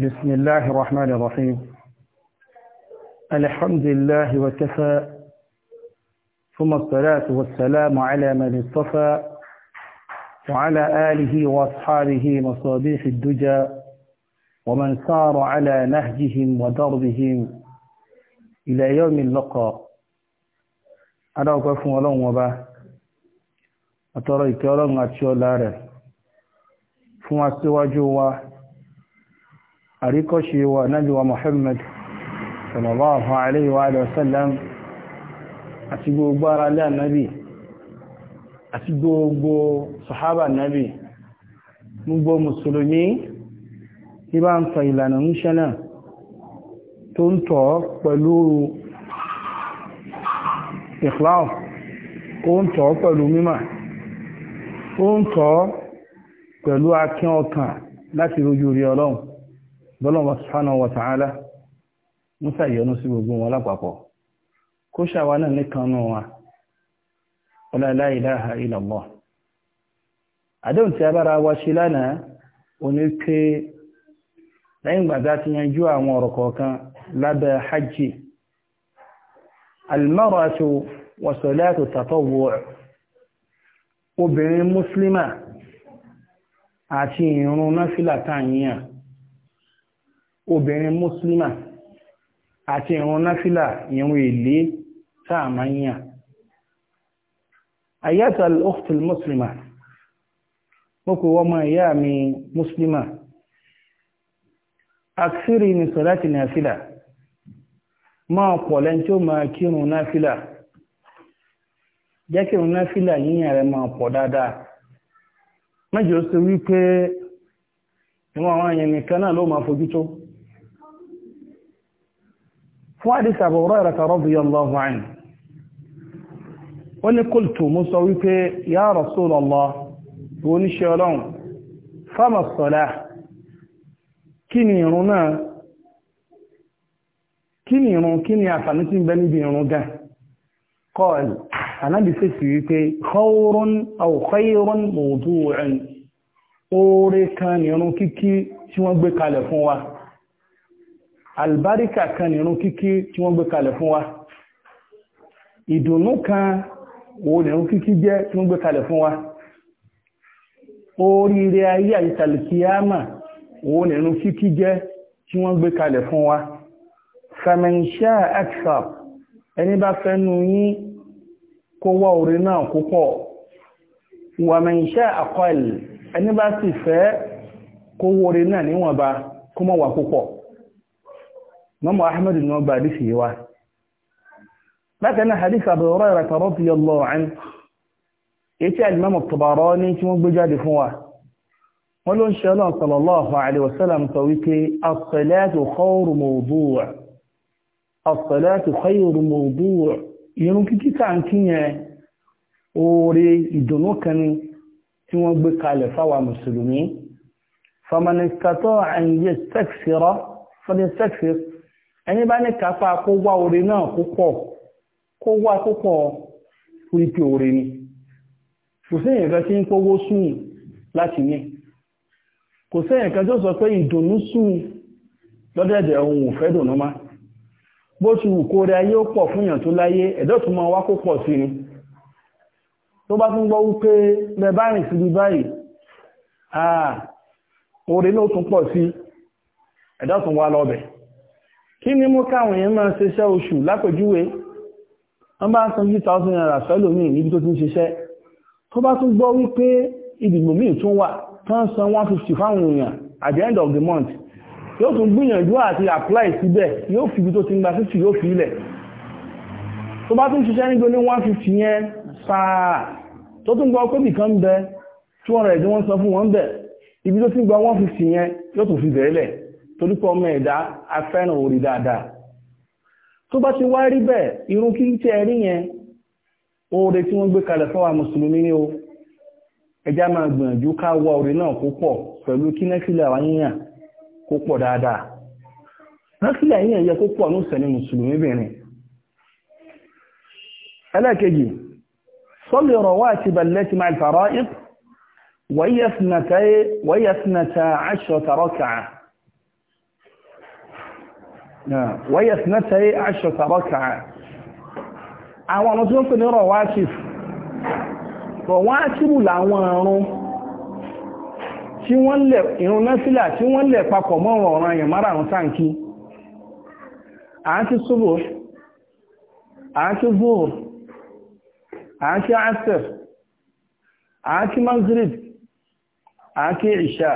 بسم الله الرحمن الرحيم الحمد لله وكفى ثم الصلاة والسلام على من اصطفى وعلى آله وأصحابه مصابيح الدجى ومن سار على نهجهم ودربهم إلى يوم اللقاء أنا أقف ولون وبا أترى كلام أتشو لارف فما سواجوا àríkọ́ṣe wa nábi wa Muhammad sallallahu alaihi wa sallam àti gbogbo ara lẹ́ ànábì àti gbogbo sahaba ànábì gbogbo mùsùlùmí tí bá ń tọ ìlànà ń ṣẹ́nà tó ń tọ́ pẹ̀lú ikhlas ó ń tọ́ pẹ̀lú mímọ̀ ó ń tọ́ pẹ̀lú akẹ́ ọkàn láti rojú rí ọlọ́run bọ́lọ́wọ́ subhanahu wa ta'ala musa yọ́nú sí gbogbo wọn lápapọ̀ kó ṣàwá náà nìkanú wa la ilaha illallah àdéhùn tí a bára wa ṣe lánàá oní pé lẹ́yìn gbàdá ti yanjú àwọn ọ̀rọ̀ kọ̀ọ̀kan lábẹ́ hajji almaratu wa salatu obìnrin muslima àti ìrun náfílà tàníyàn obìnrin Muslima, àti ìrun náfìlà ìrun èlé sáà máa ń yàn àyàtọ̀ al-ukhtul mùsùlùmá mo kò wọ́n máa yá mi mùsùlùmá àkísírì ní sọ̀láti náfìlà máa pọ̀ lẹ́ni tí ó máa kírun náfìlà jẹ́ kírun náfìlà yíyàn rẹ̀ máa pọ̀ dáadáa mẹ́jọ sí wípé ìwọ̀n àwọn èèyàn náà ló máa fojú tó fún àdísà àbọ̀rọ̀ ìrẹta radiyallahu anhu wọ́n ni qultu mú sọ wípé ya Rasulullah wọ́n ní ṣe ọlọ́run fama salah kí ni ìrún náà kí ni ìrún kí ni oore kan ìrún kíkí tí wọ́n gbé kalẹ̀ fún wa Albarika kan nìrún kíkí tí wọ́n gbé kalẹ̀ fún wa ìdùnnú kan òun nìrún kíkí jẹ́ tí wọ́n gbé kalẹ̀ fún wa oríire ayé àyíkàlùkíyàmà òun nìrún kíkí jẹ́ tí wọ́n gbé kalẹ̀ fún wa famensha akshap ẹni bá fẹ́ yín kó wá orí náà púpọ̀ wàmensha akọ́ẹ̀lì ẹni bá sì fẹ́ kó wá orí náà níwọ̀nba kó mọ̀ wà púpọ̀ mọ́mọ́ ahmed ní wọ́n bá àdísì yíwá bákanáà hadith Abu Hurairah radiyallahu anhu ètí alimọ́mọ̀ Tabarani tí wọ́n gbé jáde fún wa wọ́n ló ń ṣe ọlọ́run sallallahu alaihi wasallam sọ wípé as-salatu khayru mawdu' as-salatu khayru mawdu' irun kíkí ẹni bá ní kápá kó wá oore náà púpọ̀ kó wá púpọ̀ fún ipe oore ni kò sẹ́yìn kan tí ń kówó sùn láti ní kò sẹ́yìn kan tó sọ pé ìdùnnú sùn lọ́dẹ̀dẹ̀ ohun ò fẹ́ dùnnú má bó ti wù kóore ayé ó pọ̀ fún èèyàn tó láyé ẹ̀dọ́ tó máa wá kó pọ̀ sí ni tó bá tún gbọ́ wípé lẹ bá rìn síbi báyìí ah oore náà tún pọ̀ sí ẹ̀dọ́ tún wá lọ́bẹ̀ẹ́ kí ni mú káwọn èèyàn máa ṣiṣẹ́ oṣù lápèjúwe wọ́n bá san two thousand naira fẹ́lòmíì níbi tó ti ń ṣiṣẹ́ tó bá tún gbọ́ wípé ìdìbò míì tún wà tó san one fáwọn èèyàn at the end of the month yóò tún gbìyànjú àti apply síbẹ̀ yóò fi ibi tó ti ń gba fifty yóò fi ilẹ̀ tó bá tún ṣiṣẹ́ nígbó ní one fifty yẹn sáà tó tún gbọ́ pé nìkan ń bẹ two hundred wọ́n san fún wọn bẹ̀ ibi tó ti ń gba one yẹn yóò tún fi bẹ̀rẹ̀ lẹ̀ torípọ̀ ọmọ ẹ̀dá afẹ́ràn orí dáadáa tó bá ti wá rí bẹ́ẹ̀ irun kí tí ẹ rí yẹn oore tí wọ́n gbé kalẹ̀ mùsùlùmí o ẹjá máa gbìyànjú ká wá oore náà kó pẹ̀lú kí nẹ́fìlà wá yíyàn kó pọ̀ dáadáa yíyàn yẹ kó pọ̀ ní mùsùlùmí bìnrin ẹlẹ́ẹ̀kejì sọ́lì ọ̀rọ̀ wá àti ti máa wáyé sinẹ́tẹ̀ àṣọ̀tà rọ́kà àwọn ọmọ tí wọ́n pè ní rọ̀ wáṣìf tí wọ́n lẹ̀ ìrun náfílà tí wọ́n lẹ̀ papọ̀ mọ́ ọ̀ràn yẹn márààrún táǹkì àti ṣubú àti zuhur àti asir àti maghrib àti ìṣà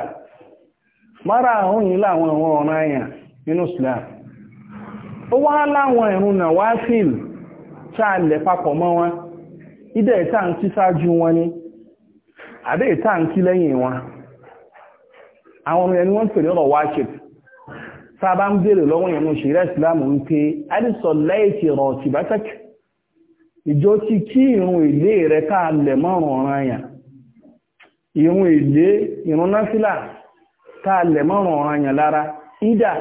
márààrún yìí làwọn ọ̀ràn yẹn nínú islam ó wá láwọn ìrun náà wá fìl ṣáàlẹ̀ papọ̀ mọ́ wọn ìdẹ̀ ìta ń kí sáájú wọn ni àdé ìta ń kí lẹ́yìn wọn àwọn ọmọ ẹni wọ́n pè lọ́rọ̀ wáṣìp sábà ń bèèrè lọ́wọ́ ìrun òṣèré ìsìlámù ń pe alìsọ lẹ́ẹ̀kì rọ̀ tìbátẹ́kì ìjọ ti kí ìrun èlé rẹ̀ káàlẹ̀ mọ́rùn ọ̀ràn àyà ìrun èlé ìrun náfìlà káàlẹ̀ mọ́rùn ọ̀ràn àyà lára ìdà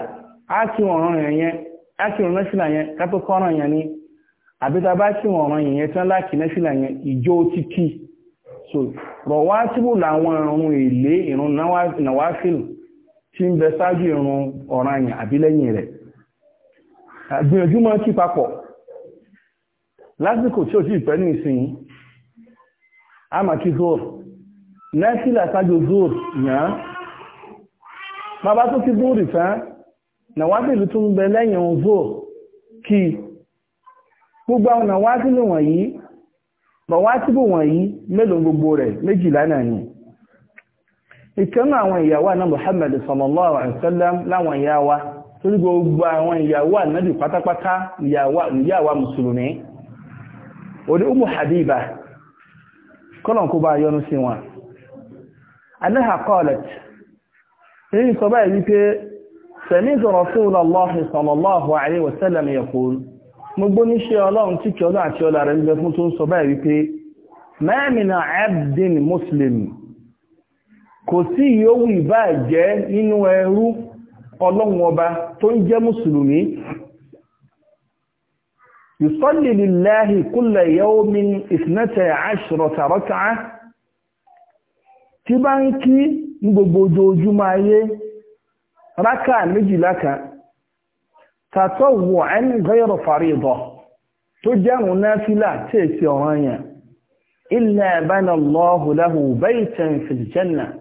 á ti ọ̀ràn ẹ̀yẹn ákìrún náṣìlà yẹn ká tó kọ́ràn yẹn ni àbíta bá kí wọ́n ọ̀ràn yẹn tán láàkì náṣìlà yẹn ìjó ti kí so rọ̀wá tíbù làwọn ìrun èlé ìrun nàwáfíìlù tí ń bẹ ṣáájú ìrun ọ̀ràn yẹn àbí lẹ́yìn rẹ̀ gbìyànjú mọ́ kí papọ̀ lásìkò tí ó sì pẹ́ ní ìsìn a máa kí zoor náṣìlà ṣáájú zoor yàn bàbá tó kí zoor tán nàwádìlú tún bẹ lẹ́yìn òvò kí gbogbo àwọn nàwádìlú wọ̀nyí bọ̀wátìbù wọ̀nyí mélòó gbogbo rẹ̀ méjìlá náà ni ìkẹ́nà àwọn ìyàwó àná Muhammad sallallahu alaihi wasallam láwọn ìyàwó torí gbogbo àwọn ìyàwó ànábì pátápátá ìyàwó mùsùlùmí òní umu Habiba kọ́lọ̀n kó bá yọnu sí wọn anáhà èyí sọ báyìí wípé سمعت رسول الله صلى الله عليه وسلم يقول مغبون شي الله تي كي الله تي الله رن بي فون تون سو باي ويبي ما من عبد مسلم kò sí yòówù ìbá jẹ́ nínú ẹrú ọlọ́run ọba tó ń jẹ́ mùsùlùmí yusalli lillahi kulla yawmin ithnata ashrata rak'ah tí bá ń kí ní gbogbo ojoojúmọ́ ayé rákà méjìlá kan tatawu'an ghayra farida tó jẹ́rùn náfílà tí è sí ọ̀ranyàn illa bana Allahu lahu baytan fil janna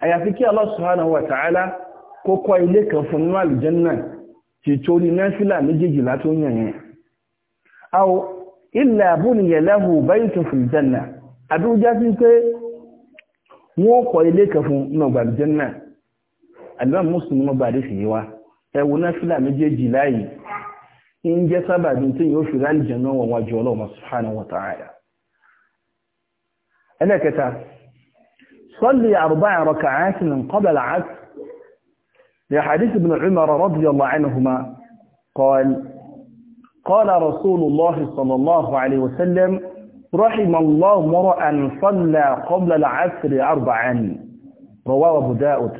àyàfi kí Allah subhanahu wa ta'ala kó kọ́ ilé kan fún nínú àlùjànnà ti torí náfílà tó yàn yẹn aw illa buniya sí pé wọ́n kọ́ ilé kan fún nínú àlùbáà mùsùlùmí wọn gbàdé fìyí wa ẹwù náfìlà méjèèjì láàyè ń jẹ́ sábàbí tí yóò fi ráàlì jẹ̀ náà wọ̀n wájú ọlọ́run subhanahu wa ta'ala ẹlẹ́kẹta sọ́lì àrùbá ẹ̀rọ kàáàtì ní kọ́bẹ̀ làásì lè hadith ibn umar radiyallahu anhuma qal قال رسول الله صلى الله عليه وسلم رحم الله مرأ صلى قبل العصر أربعا رواه أبو داود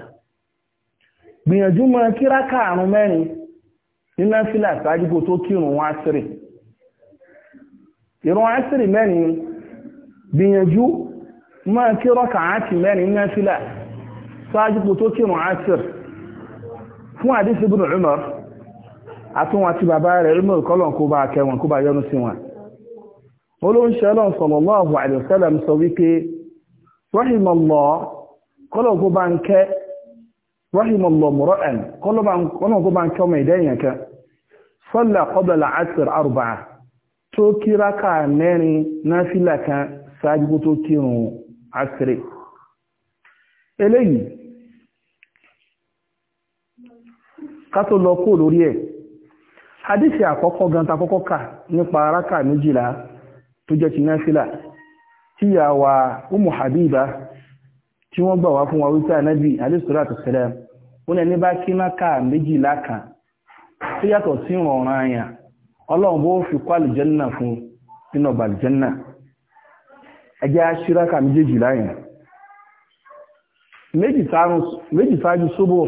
gbìyànjú mọ́ kíráka àrùn mẹ́rin nínú fílà sáájúgbò tó kírun wọn ásírì ìrun ásírì mẹ́rin gbìyànjú mọ́ kíráka àti mẹ́rin nínú fílà sáájúgbò tó kírun ásírì fún àdísí ibn Umar àtúnwà àti bàbá rẹ̀ Umar kọ́lọ̀n kó bá kẹwọn kó bá yọnu sí wọn olóńṣẹ́ lọ́n sallallahu alaihi wasallam sọ wípé rahimallah kọ́lọ̀n kó bá ń kẹ́ رحم الله امرأ قال طبعا طبعا كما يدينك صلى قبل العصر أربعة tó kí rákà mẹ́rin náfílà kan ṣáájú tó kírun asìrì eléyìí ká tó lọ kó lórí ganta kọ́kọ́ kà nípa rákà méjìlá tó jẹ́ habiba tí wọ́n gbà wá fún wa wípé ànábì alẹ́sọ̀rọ̀ sẹ́lẹ̀ wọ́n lẹ́ni bá kí náka méjìlá kan tó yàtọ̀ sí ọ̀ràn àyàn ọlọ́run bó fi kọ́ àlùjẹ́nà fún nínú ọba àlùjẹ́nà ẹjẹ́ aṣíraka méjì ṣáájú sóbò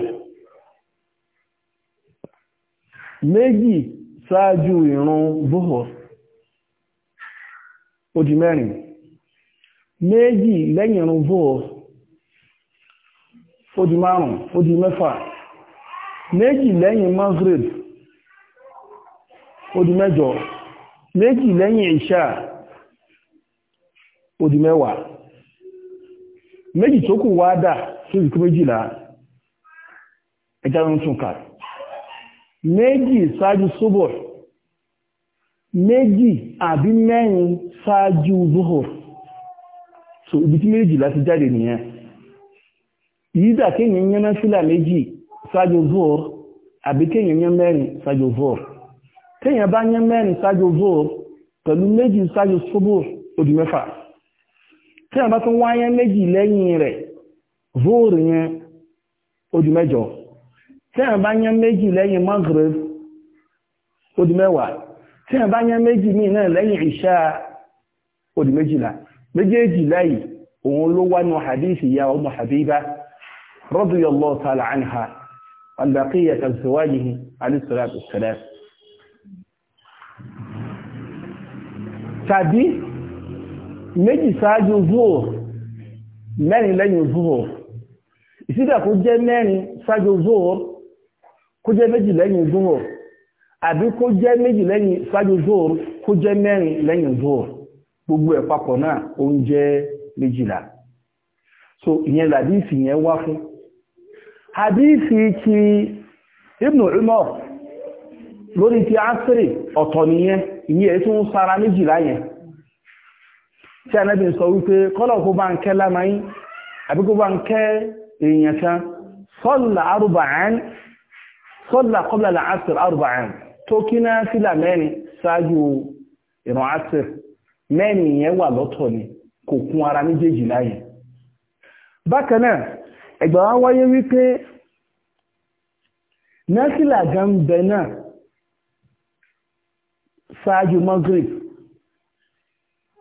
méjì ṣáájú ìrun bóhọ̀ ó méjì lẹ́yìn Odi di márùn-ún ó di mẹ́fà méjì lẹ́yìn Maghrib ó di mẹ́jọ méjì lẹ́yìn Isha ó di mẹ́wàá méjì tó kù wá dà tó ìkú méjìlá ẹjá ń tún kà méjì ṣáájú sóbọ̀ méjì àbí mẹ́rin ṣáájú zuhur so ibi tí méjìlá ti jáde nìyẹn yídà kéèyàn yán náfílà méjì ṣáájú zuhr àbí kéèyàn yán mẹ́rin ṣáájú zuhr kéèyàn bá yán mẹ́rin ṣáájú zuhr pẹ̀lú méjì ṣáájú subur ó di mẹ́fà kéèyàn bá tún wáyán méjì lẹ́yìn rẹ̀ zuhr yẹn ó di mẹ́jọ kéèyàn bá yán méjì lẹ́yìn maghrib ó di mẹ́wàá kéèyàn bá yán méjì míì náà lẹ́yìn ìṣá ó méjìlá méjèèjì láyìí òun ló wá nu hadith ìyá ọmọ Habiba رضي الله تعالى عنها عن بقية أزواجه عليه الصلاة والسلام tàbí méjì sáájú zuhur mẹ́rin lẹ́yìn zuhur ìsídà kó jẹ́ mẹ́rin sáájú zuhur kó jẹ́ méjì lẹ́yìn zuhur àbí kó jẹ́ méjì lẹ́yìn sáájú zuhur kó jẹ́ mẹ́rin lẹ́yìn zuhur gbogbo ẹ̀ papọ̀ náà ó ń jẹ́ méjìlá so ìyẹn làdí ìfìyẹn wá fún hadithi ti ibn umar lori ti asiri ọtọ nìyẹn ìyí ẹ̀ tún sára méjìlá yẹn tí anábì sọ wípé kọ́lọ̀ kó bá ń kẹ́ lámáyí àbí kó bá ń kẹ́ èèyàn kan sọ́là arúbàán láàásìr arúbàán tó kí náà sílà mẹ́rin asir mẹ́rin yẹn wà lọ́tọ̀ ni kò kún ara méjèèjìlá yẹn ẹ̀gbà wá wáyé wípé násìlà gan bẹ náà ṣáájú Maghrib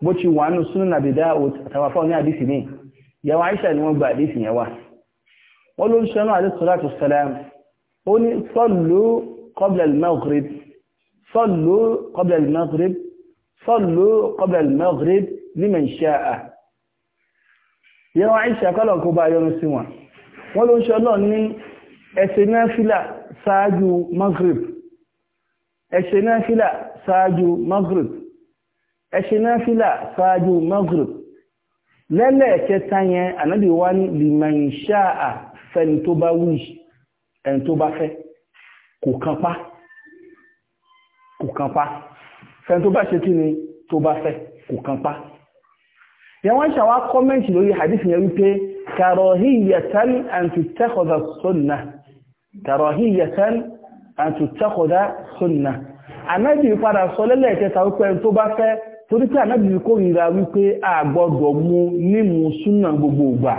bó ti wà nù súnú nàbìdá àtàwà fáwọn ní àdìsí ní ìyàwó Àìṣà ni wọ́n gba àdìsí yẹn wá wọ́n ló ń ṣe náà àdìsí sọ́lá tó sẹ́lá ó ní sọ́lù qabla al-Maghrib sọ́lù qabla al-Maghrib sọ́lù qabla al wọ́n ló ń ṣe náà ní ẹ̀ṣẹ̀ náfílà ṣáájú maghrib ẹ̀ṣẹ̀ náfílà ṣáájú maghrib ẹ̀ṣẹ̀ náfílà ṣáájú maghrib lẹ́lẹ́ẹ̀kẹta yẹn ànábì wá ní liman sha'a fẹ́ni tó bá wí ẹni tó bá fẹ́ kò kan kò kan fẹ́ni tó bá ṣe kí ni tó bá fẹ́ kò kan yẹn wọ́n ṣàwá kọ́mẹ́ntì lórí hadith yẹn wípé karọ̀híyàtán an tutakhadha sunna karọ̀híyàtán an tutakhadha sunna anábì padà sọ lẹ́lẹ̀ ìkẹta wípé tó bá fẹ́ torí pé anábì kórìíra wípé a gbọ́dọ̀ mú nímú súnà gbogbo ìgbà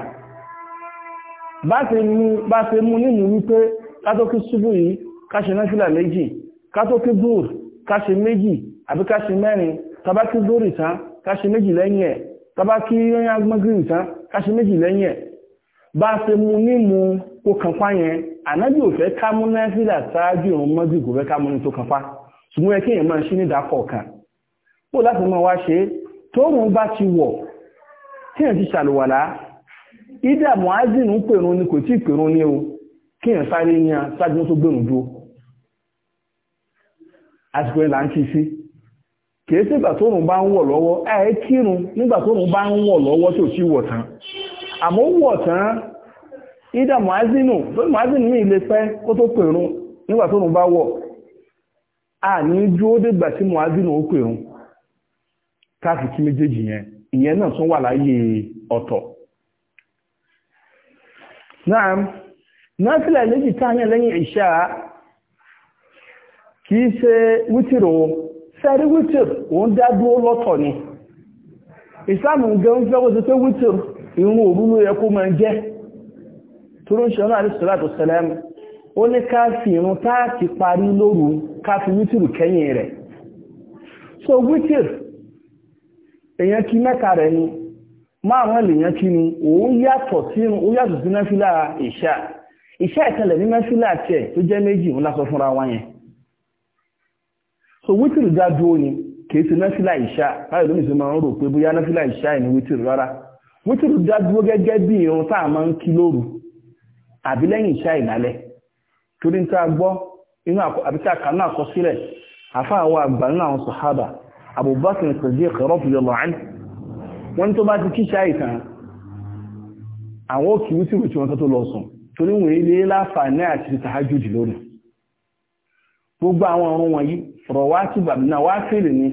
bá ṣe mú nímú wípé kátókí ṣubú yìí káṣe náfìlà méjì kátókí dúr káṣe méjì àbí káṣe mẹ́rin tabákí dúr ìtàn káṣe méjì lẹ́yìn ẹ̀ tàbá kí yóò yá gbọ́n gírì tán káṣe méjì lẹ́yìn ẹ̀ bá ṣe mú nímú kó kànpá yẹn ànábì ò fẹ́ ká mú náfílà ṣáájú ìrun mọ́jú kò fẹ́ ká mú ní tó kànpá ṣùgbọ́n ẹ kí èèyàn máa ṣí ní ìdákọ̀ kan ó láti máa wá ṣe tóòrùn bá ti wọ̀ tí èèyàn ni kò tí ì pèrún ní o ka esi ìgbà tó rùn bá ń a lọ́wọ́ ẹ kírun nígbà tó rùn bá ń wọ̀ lọ́wọ́ tó ti wọ̀ tán àmọ́ wọ̀ tán ìdá mọ́ázínù tó mọ́ázínù a na dúró dégbà tí mọ́ázínù ó pèrún sẹ́rí wítìr òun dádúró lọ́tọ̀ ni ìsáàmù gan fẹ́ kó ti pé wítìr ìrun òru ló yẹ kó máa jẹ́ tóró ń ṣe náà àdìsọ́láàtò sẹlẹ́m ó ní ká fi táàkì parí lóru ká wítìr kẹ́yìn rẹ̀ so wítìr èèyàn kí mẹ́ta rẹ̀ ni márùn-ún lèèyàn kí ni òun yàtọ̀ sí ó yàtọ̀ sí mẹ́fílà ìṣà ìṣà ìtẹ̀lẹ̀ ní mẹ́fílà tiẹ̀ tó jẹ́ méjì òun lásọ fúnra wa yẹn so wítìrì dádúró ni kìí ṣe náfìlà ìṣá báyìí ṣe máa ń rò pé bóyá ìṣá ẹ̀ rárá gẹ́gẹ́ bí irun tá a máa ń kí lóru àbí lẹ́yìn ìṣá ìlálẹ̀ torí ń a gbọ́ inú àbí tá a kà náà àkọsílẹ̀ àfa àwọn àgbà nínú àwọn sàhábà Abubakar Siddiq radiyallahu anhu wọ́n tó bá ti kí ka ìtàn àwọn òkè tó lọ sùn torí ilé láǹfààní àti gbogbo àwọn ọ̀run wọ̀nyí ọlọ́ọ̀bá sùhánàwó nawafil ni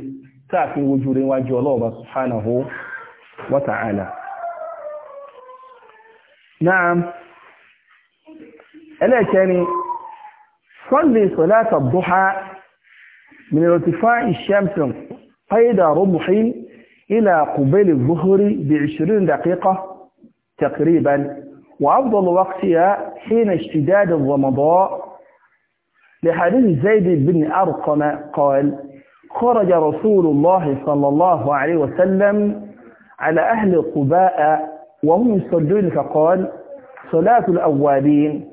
táàfin wojú rẹ̀ wájú ọlọ́ọ̀bá subhanahu wa ta'ala na'am ẹlẹ́ẹ̀kẹ́ni salli salata duha min irtifa'i shamsi qayda rubhi ila qubali dhuhri bi 20 daqiqa taqriban wa afdalu waqtiha hina ishtidad لحديث زيد بن أرقم قال خرج رسول الله صلى الله عليه وسلم على أهل قباء وهم يصلون فقال صلاة الأوابين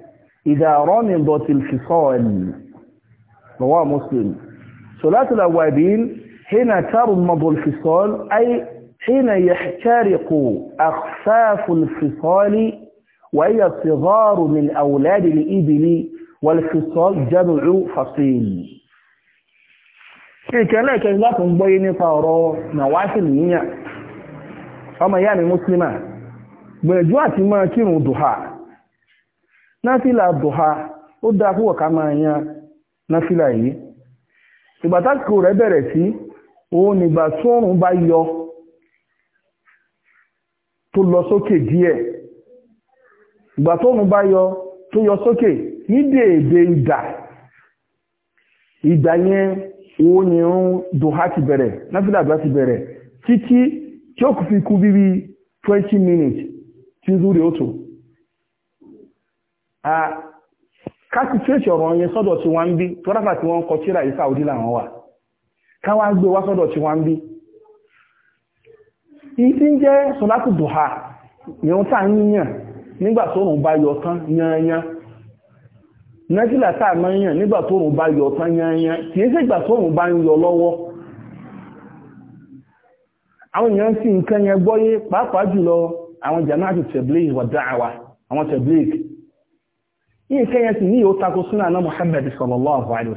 إذا رمضت الفصال رواه مسلم صلاة الأوابين حين ترمض الفصال أي حين يحترق أخفاف الفصال وهي صغار من أولاد الإبل wal-khisal jam'u fasil ìkẹ́lẹ̀ kẹrin láti ń gbọ́yé nípa ọ̀rọ̀ ọmọ ìyá ni mùsùlùmá gbẹ̀jú àti máa kírun dùhà náfílà dùhà ó dáa ká máa yan náfílà yìí ìgbàtàkì rẹ̀ bẹ̀rẹ̀ sí ní ede ịda ìdà yẹn owó ni ń ha ti bẹ̀rẹ̀ náfìlàdùhá ti bẹ̀rẹ̀ títí tí ó kù fi kú bíbí twenty minutes tí zúrí ó tó ọ̀rọ̀ yẹn sọ́dọ̀ tí wọ́n ń bí tí wọ́n kọ wà gbé wá sọ́dọ̀ tí wọ́n ń bí ń jẹ́ sọ́látù nígbà tó bá yọ tán na tá a máa ń yàn nígbà tóòrùn bá yọ tán yányán kì í ṣe ìgbà tóòrùn bá ń yọ lọ́wọ́ àwọn èèyàn sì nǹkan yẹn gbọ́yé pàápàá jùlọ àwọn jamaatu tabligh wa da'wa àwọn tabligh yìí nǹkan sì ní tako súnà náà sallallahu alayhi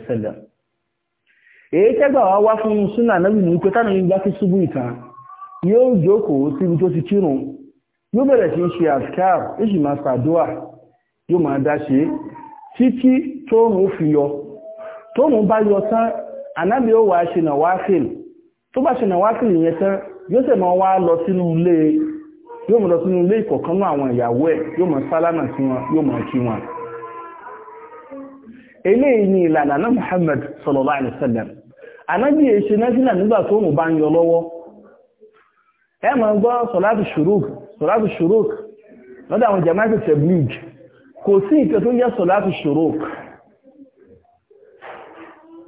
wa títí tóòrùn fi yọ tóòrùn bá yọ tán anábì ó wà ṣe nà wáfíìl tó bá ṣe nà yẹn tán yóò wá lọ sínú ilé yóò mọ̀ lọ sínú ilé ìkọ̀kan náà àwọn ìyàwó ẹ̀ yóò mọ̀ sálámà sí wọn yóò mọ̀ kí ni ìlànà náà náà nígbà bá ń yọ lọ́wọ́ máa gbọ́ lọ́dọ̀ kò sí ìkẹ́ tó yẹ́sọ̀ láti ṣòro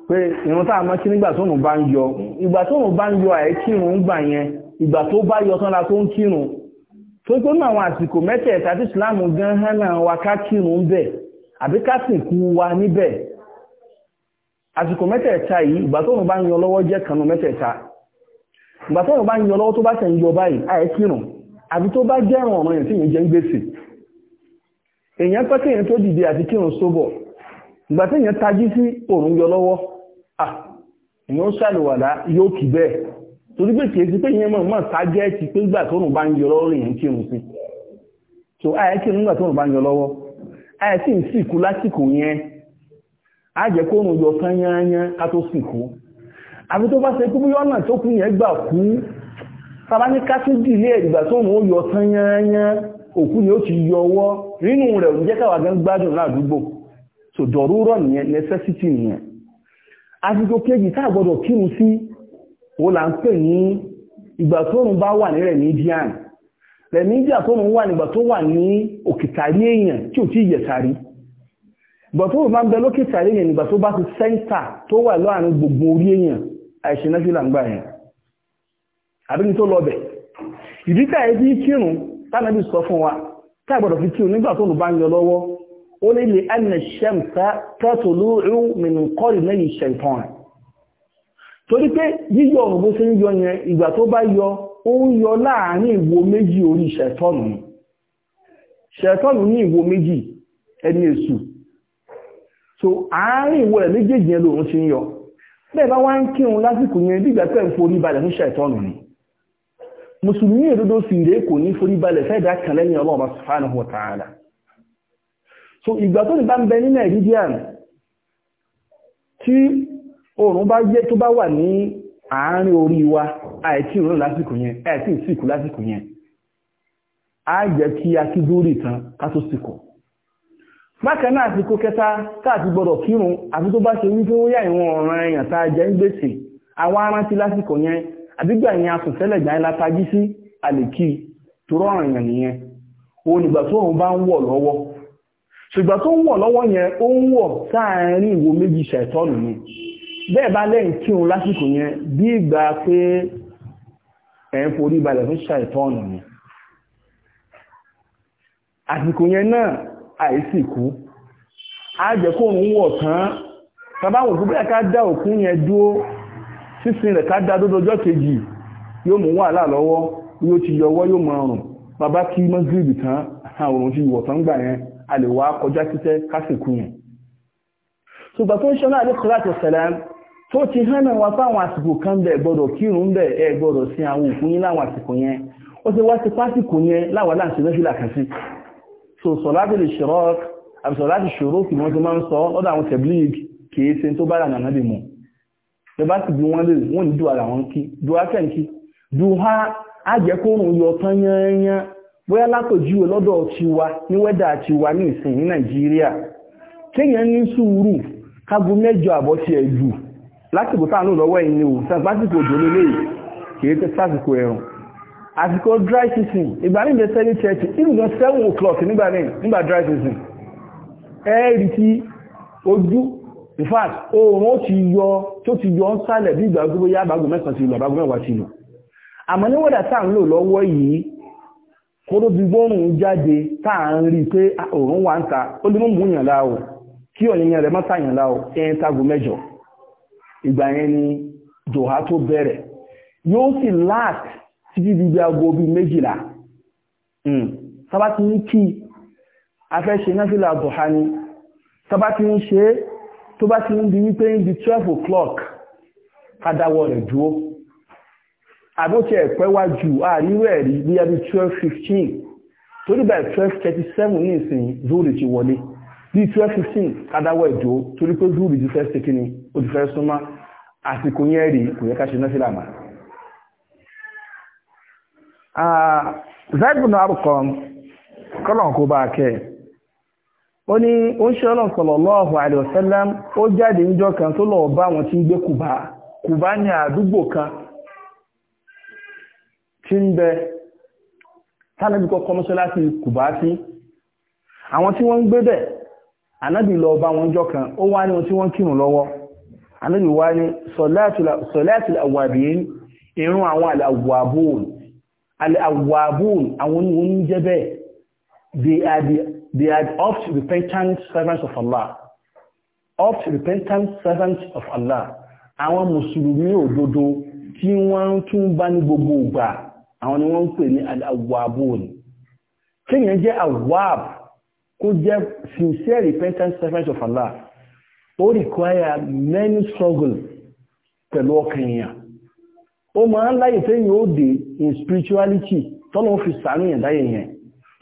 pé ìrun mọ́ sí nígbà tó nù bá ń yọ ìgbà tó nù bá ń yọ àẹ́ ń gbà yẹn ìgbà tó bá yọ tán la tó ń tó àwọn àsìkò mẹ́tẹ̀ẹ̀ta tí kanu mẹ́tẹ̀ẹ̀ta ìgbà tó nù bá ń yọ lọ́wọ́ tó bá tẹ̀ ń yọ báyìí àẹ́ àbí èèyàn pẹ́ kéèyàn tó dìde àti kírun sóbọ̀ ìgbà tí èèyàn tají sí òòrùn yọ lọ́wọ́ à èèyàn ṣàlùwàlá yóò kì bẹ́ẹ̀ torí pé kìí sí pé èèyàn pé ìgbà tó rùn bá ń yọ lọ́wọ́ èèyàn kírun sí so àyẹ̀ kírun nígbà tó rùn bá ń yọ lọ́wọ́ àyẹ̀ sì ń sìnkú lásìkò yẹn á jẹ́ kó rùn yọ tán yányán ká tó sìnkú àfi tó bá ṣe kú bóyá ọ̀nà tó kú yẹn gbà kú òkú ni ó ti yọ ọwọ́ rínú rẹ̀ ò jẹ́ káwà gan gbádùn ládùúgbò so dọ̀rúrọ̀ ní necessity nìyẹn àsìkò kejì tá gbọ́dọ̀ kírun sí ó là ń pè ní ìgbà bá wà ní rẹ̀mídíàn rẹ̀mídíà wà nígbà tó wà ní òkìtàrí èèyàn tí ò tí ìgbà bá ń bẹ lókìtàrí èèyàn nígbà tó bá ti sẹ́ńtà tó wà láàrin gbogbo orí yẹn àbí tó lọ bẹ̀ tánàbí sọ fún wa káàgbọ̀dọ̀ fi kírun nígbà tó bá ń yọ lọ́wọ́ ó ní lè ẹnà ṣẹ́mta tẹ́tòlú rún mìnkọ́rì lẹ́yìn ṣẹ̀tàn rẹ̀ torí pé yíyọ ọ̀rùn bó ṣe ń yọ yẹn ìgbà tó bá yọ ó ń yọ láàárín ìwo méjì orí ṣẹ̀tọ́nù ṣẹ̀tọ́nù ní ìwo méjì ẹni èṣù so àárín ìwo rẹ̀ méjèèjì yẹn lòun ṣe ń yọ bẹ́ẹ̀ bá wá ń kírun lásìkò yẹn bí ìgbà tẹ́ ń forí balẹ̀ fún ṣẹ̀tọ́nù ni mùsùlùmí òdodo si rèé kò ní forí balẹ̀ fẹ́ẹ̀dá kan ní ọlọ́ọ̀bá subhanahu wa so ìgbà tó ní bá ń bẹ ní nàìjíríà tí oòrùn bá yẹ tó bá wà ní àárín orí wa àìtí ìrún lásìkò yẹn àìtí ìsìnkú lásìkò yẹn a jẹ́ kí a kí dórí tán ká tó sìkò bákan náà kẹta káàtì gbọdọ̀ kírun àti tó bá ṣe wípé ó ìwọ̀n ọ̀ràn tá a àdúgbà yẹn asùntẹ́lẹ̀ gbà yẹn látají sí àlèkí tó rọrùn èèyàn nìyẹn òun nígbà tó òun bá ń wọ̀ lọ́wọ́ ṣùgbọ́n tó ń wọ̀ lọ́wọ́ yẹn ó ń wọ̀ sáàárín ìwo méjì ṣẹ̀tọ́nù ni bẹ́ẹ̀ bá lẹ́yìn tí òun lásìkò yẹn bí ìgbà pé ẹ̀ ń forí balẹ̀ fún ṣẹ̀tọ́nù ni àsìkò yẹn náà àìsìkú á jẹ́ kó òun wọ̀ tán tàbáwò tó bẹ́ẹ̀ ká dá òkun yẹn dúró sísìn rẹ̀ ká dá dódó ọjọ́ kejì yóò mú wàhálà lọ́wọ́ yóò ti yọwọ́ yóò mọ ọrùn bàbá kí mọ́gírìbì tán àwọn òrùn ti wọ̀ tán gbà yẹn a lè wá kọjá títẹ́ kásìkú yẹn ṣùgbọ́n tó ń ṣe náà lẹ́kọ̀ọ́ láti ṣẹlẹ̀ tó ti hánà wá fáwọn àsìkò kan bẹ̀ gbọ́dọ̀ kírun bẹ̀ ẹ gbọ́dọ̀ sí àwọn òkú yín láwọn àsìkò yẹn ó ti wá ti pásìkò yẹn láwọn láǹṣe mẹ́fìlà kan sí so sọ̀láàbì lè ṣòro àbìsọ̀láàbì ṣòro kì wọ́n ti máa ń sọ ọ́dọ̀ àwọn tẹ̀blíìg kì í ṣe tó bá rà nàná lè mọ̀ ẹ bá sì bí wọ́n lè wọ́n ní dùn wọn kí dùn kẹ́ǹkí dùn á yọ tán yányán bóyá lápèjúwe lọ́dọ̀ tiwa ní wẹ́dà tiwa ní ìsìn ní nàìjíríà kéèyàn ní sùúrù kágun mẹ́jọ àbọ̀ tiẹ̀ jù lásìkò táà ń sàgbásìkò òjò kìí ẹ̀rùn àsìkò dry season ìgbà ní gan seven o'clock nígbà dry season ẹ̀ẹ́rì tí ojú in fact oòrùn ó ti yọ tó ti yọ ń sálẹ̀ bí ìgbà gbogbo yá àbágbò mẹ́sàn-án ti lọ àbágbò mẹ́wàá ti lọ àmọ́ ní wọ́dà tá à ń lò lọ́wọ́ yìí kó tó ti gbóòrùn jáde tá à ń rí pé ah, oòrùn wà ń ta ó lè mú mú yàn láàwọ̀ kí ọ̀yìn rẹ̀ má tàyàn láàwọ̀ ẹ̀yìn tágo mẹ́jọ ìgbà yẹn ni jòhá tó bẹ̀rẹ̀ di bí aago bíi méjìlá sábà hmm. ti ń kí afẹ́ ṣe náfìlà jòhá ni ń ṣe é tó bá ti ń di wípé ń di twelve o'clock adáwọ̀ rẹ̀ dúró àbótí ẹ̀pẹ́ wá ju àríwẹ̀ ẹ̀rí bí ẹbí twelve fifteen torí bá twelve thirty seven ní ìsìn zúrì ti wọlé bí twelve fifteen adáwọ̀ ẹ̀ dúró torí pé zúrì ti fẹ́ ṣe kí ni ó ti fẹ́ súnmọ́ àsìkò yẹn rí kò yẹ ká ṣe náà sílàmà. Ah, Zaid bin Arqam kọ́lọ̀ kó bá a kẹ́ ẹ̀. ó ní ó ń ṣe ọlọ́run sallallahu alaihi wasallam ó jáde níjọ́ kan tó lọ bá àwọn tí ń gbé kùbá kùbá ní àdúgbò kan tí ń bẹ tánàbí kùbá sí àwọn tí wọ́n ń gbé bẹ̀ ànábì lọ bá wọn kan ó wá ní wọn tí wọ́n kírun lọ́wọ́ ànábì wá ní irun àwọn They are oft repentant servants of Allah. Oft repentant servants of Allah. Àwọn Mùsùlùmí òdodo tí wọ́n tún bá ní gbogbo ìgbà, àwọn ni wọ́n ń pè ní al-awwabun. Kíyàn jẹ́ awwab kó jẹ́ sincere repentant servants of Allah. Ó require many struggles pẹ̀lú ọkàn èèyàn. Ó máa ń láyé tẹ́yìn ó dé in spirituality tọ́lọ́ fi sàánú yẹn dáyẹ̀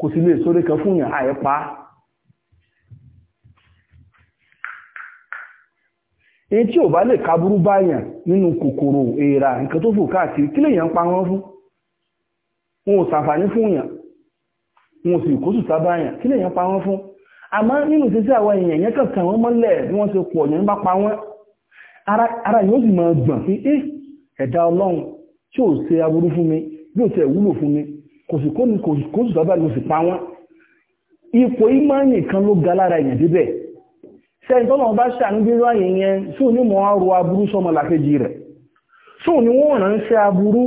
kò sí lè sórí kan fún ìyàn àìpa èyí tí ò bá lè kaburú báyàn nínú kòkòrò èèrà nǹkan tó fò káàkiri kí lèyàn pa wọ́n fún wọn ò sàǹfààní fún ìyàn wọn ò sì kó sùtá báyàn kí lèyàn pa wọ́n fún àmọ́ nínú títí àwọn èèyàn yẹn kàn kàn wọ́n mọ́lẹ̀ bí wọ́n ṣe pọ̀ yẹn bá pa wọ́n ara yóò sì máa gbọ̀n pé eh, ẹ̀dá ọlọ́run tí ò ṣe aburú fún mi yóò tẹ̀ wúlò fún mi kò sì kó kò sì sọ́bà ló sì pa wọ́n ipò ìmánì kan ló ga lára èèyàn débẹ̀ sẹ́yìn tọ́lọ̀ bá ṣàánú bí ló àyè yẹn sóò ní mọ̀ ọ́rọ̀ aburú sọmọlàkejì rẹ̀ sóò ní wọ́n ránṣẹ́ aburú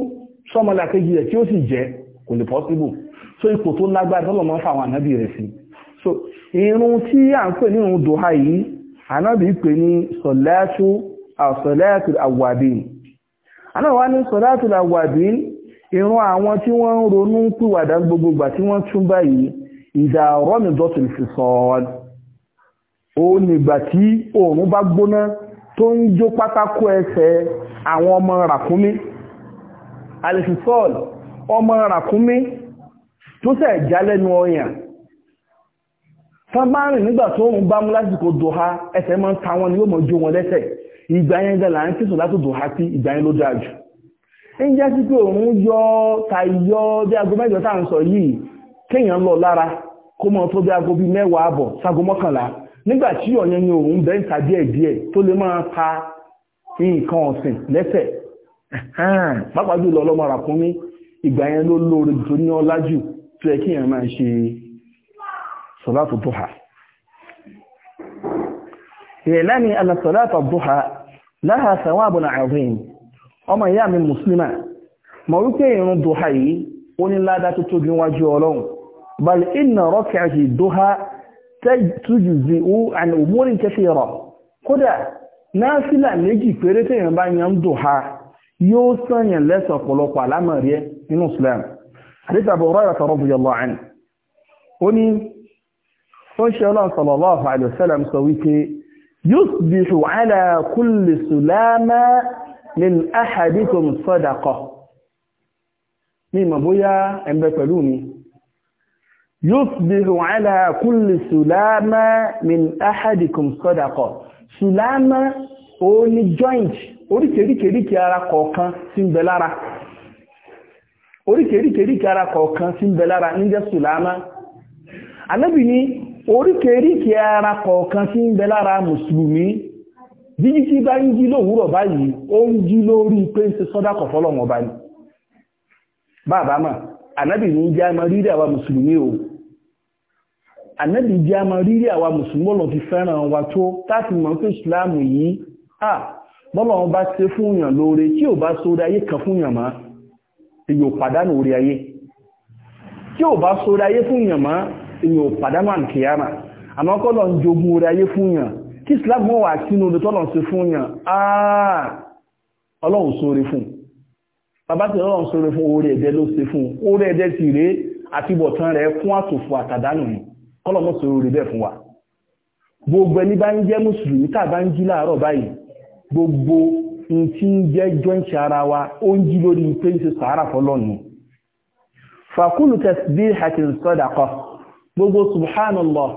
sọmọlàkejì rẹ̀ tí ó sì jẹ́ kò lè possible so ipò tó lágbára tọ́lọ̀ mọ́ fáwọn ànábì rẹ̀ sí so irun tí à ní irun dùhà yìí ìran àwọn tí wọ́n ń ronú pìwàdà gbogbogbà tí wọ́n tún báyìí ìdá rọ́mì dọ́tún fi sọ ó nígbà tí oòrùn bá gbóná tó ń jó pátákó ẹsẹ̀ àwọn ọmọ ràkúnmí alifisọ́ọ̀l ọmọ ràkúnmí tó sẹ̀ jálẹ́nu ọyàn tán bá rìn nígbà tó ń bá mú lásìkò dòha ẹsẹ̀ máa ń ta wọn ni yóò mọ̀ jó wọn lẹ́sẹ̀ ìgbà yẹn gan là ń tẹ̀sùn látò dòha sí ìgbà yẹn ló dáa jù ń jẹ́ sí pé òun yọ tàyọ bí aago mẹ́jọ tá à ń sọ yìí kéèyàn lọ lára kó mọ tó bí aago bíi mẹ́wàá àbọ̀ ságo mọ́kànlá nígbà tí ọ̀yẹn ni òun bẹ́ ń ta díẹ̀ díẹ̀ tó lè máa ta nǹkan ọ̀sìn lẹ́sẹ̀ pàápàá jùlọ ọlọ́mọ ràkúnmí ìgbà yẹn ló lóore tó ní ọlá jù tó yẹ kéèyàn máa ṣe sọ̀látù dúhà ìrẹ̀lẹ́ ni alàsọ̀látù dúhà láhà sàwọn àbùnà àrùn ọmọ ìyá mi muslima mọ̀ wípé ìrun duha yìí ó ní ládá tó tóbi wájú ọlọ́run bal inna rak'ati duha tujzi'u an umurin kathira kódà náfìlà méjì péré téèyàn bá yan duha yóò sànyàn lẹ́sọ̀ ọ̀pọ̀lọpọ̀ àlámọ̀rí ẹ nínú islam àdìsí Abu Hurayrah radiyallahu anhu yusbihu ala kulli sulama min ahadikum sadaqah ní ìmọ̀ bóyá ẹ̀mẹ́ pẹ̀lú mi yusbihu ala kulli sulama min ahadikum sadaqah sulama ó ní joint oríkèríkèríkè ara kọ̀ọ̀kan sí ń bẹ lára oríkèríkèríkè ara kọ̀ọ̀kan sí ń bẹ lára ní jẹ́ sulama anábì ní oríkèríkè ara kọ̀ọ̀kan sí ń bẹ lára mùsùlùmí jíjí tí bá ń jí lówùúrọ̀ báyìí ó ń jí lórí pé ń ṣe sọ́dákọ̀ fọ́lọ́wọ̀n ọba ni bàbá mà ànábì ní jẹ́ àmà rírì àwa mùsùlùmí o ànábì jẹ́ àmà rírì àwa mùsùlùmí ọ̀nà fẹ́ràn wa tó láti mọ̀ pé ìsìláàmù yìí à bọ́lọ́wọ́n bá ṣe fún yàn lóore tí ò bá sórí ayé kan fún yàn mọ́ èyí ò pàdánù orí ayé tí ò bá sórí ayé kí islam wọ́n wà sínú odò tọ́lọ̀ sí fún yàn àà ah, ọlọ́run sóre fún bàbá tí ọlọ́run sóre fún orí ẹ̀dẹ́ ló sí fún orí ẹ̀dẹ́ ti rèé àti bọ̀tán rẹ̀ kún àtòfò àtàdánù yìí kọ́lọ̀mọ́ sóre rẹ̀ bẹ́ẹ̀ fún wa gbogbo ẹni bá ń jẹ́ mùsùlùmí tá bá ń jí láàárọ̀ báyìí gbogbo n tí ń jẹ́ jọ́ǹṣì ara wa ó ń jí lórí pé ń ṣe sàárà fọlọ́nu fàkúlù tasbihatin sadaqa gbogbo subhanallah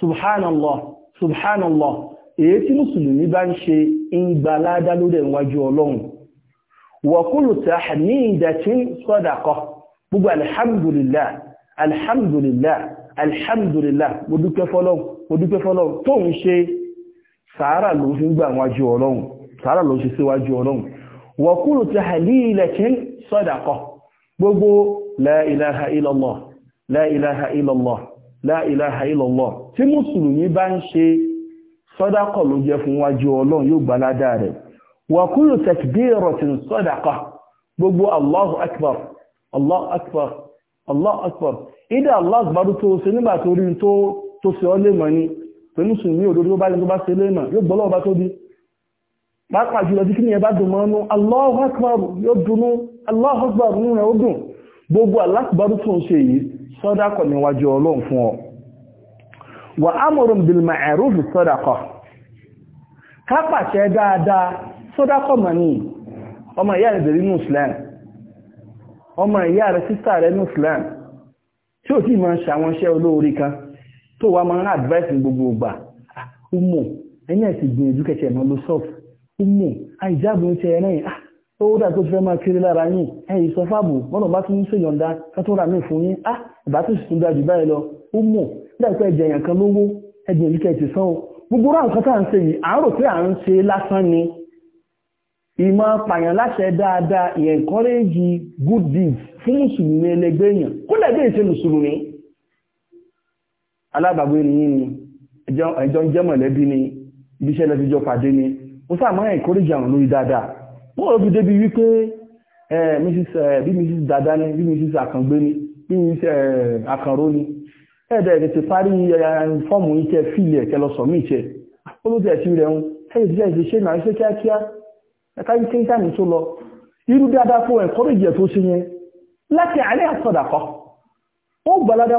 subhanallah subhanallah èyí tí mùsùlùmí bá ń ṣe ń gba aládá lórí ẹ̀wájú ọlọ́run wọ̀kúlù tahmidatin sadaqa gbogbo alhamdulillah alhamdulillah alhamdulillah mo dúpẹ́ fọ́lọ́run mo dúpẹ́ fọ́lọ́run tó ń ṣe sàárà ló fi ń gbà wájú ọlọ́run sàárà ló ṣe síwájú ọlọ́run wọ̀kúlù tahlilatin sadaqa gbogbo la ilaha illallah sọ́dákọ̀ ló jẹ́ fún wájú ọlọ́run yóò gbaládá rẹ̀ wà kúrò takbiratin sọ́dákọ̀ gbogbo allahu akbar allahu akbar allahu akbar ìdá allahu akbar tó ṣe nígbà tó rí tó ṣe ọ́ lémọ̀ ni pẹ̀lú sùn ní òdodo bá lẹ́nu tó bá ṣe lémọ̀ yóò gbọ́ lọ́wọ́ bá tóbi pàápàá jùlọ tí kí ni ẹ bá dùn mọ́nú allahu akbar yóò dùnú allahu akbar nínú ẹ̀ ó dùn gbogbo allahu akbar tó ṣe yìí sọ́dákọ̀ níwájú ọlọ́run fún ọ wà ámùrùn bil ma'ruf sọ́dàkọ̀ kápàṣẹ dáadáa sọ́dàkọ̀ mọ̀ ní ọmọ ìyá rẹ̀ bẹ̀rẹ̀ muslim ọmọ ìyá rẹ̀ sísà rẹ̀ muslim tí ó tí ma ń ṣàwọn iṣẹ́ olóorí kan tó wà máa ń advice ní gbogbo ìgbà ah, umu ẹni ẹ̀sì gbìyànjú kẹ̀kẹ́ mọ́ ló sọ́f umu àìjáàbù ń ah, ṣe ah, umu dẹ́pẹ́ ẹ̀jẹ̀yàn kan lówó ẹ̀jẹ̀ yìí kẹ́ ti sán o gbogbo ra nǹkan tá à ń ṣe yìí à ń rò pé à ń ṣe lásán ni ìmọ̀ pààyàn láṣẹ dáadáa ìẹ̀kọ́rẹ́jì good deeds fún mùsùlùmí ẹlẹgbẹ́ èèyàn kó lẹ́gbẹ́ ìṣe mùsùlùmí alábàgbé ni yín ni ẹjọ́ ń jẹ́ mọ̀lẹ́bí ni ibiṣẹ́ lẹ́fíjọ́ pàdé ni ó sàmọ́ ìkórèjì àwọn lórí dáadáa wọ́n rọ̀ fi débi wípé eh, eh, bí mrs dada ni bí mrs àkàngbé ni bí mrs eh, àkànró ni ẹ̀ẹ́dẹ̀ ètò parí eh, fọ́ọ̀mù yìí tẹ́ fíìlì ẹ̀kẹ́ lọ sọ̀mí ìtẹ́ olóòtú ẹ̀sìn rẹ̀ ń ẹ̀yìn tí ẹ̀sìn ṣe ṣe kíákíá ẹ̀ka yìí tó lọ irú dáadáa fún ẹ̀kọ́ tó ṣe yẹn láti àárẹ̀ ó ọlọ́run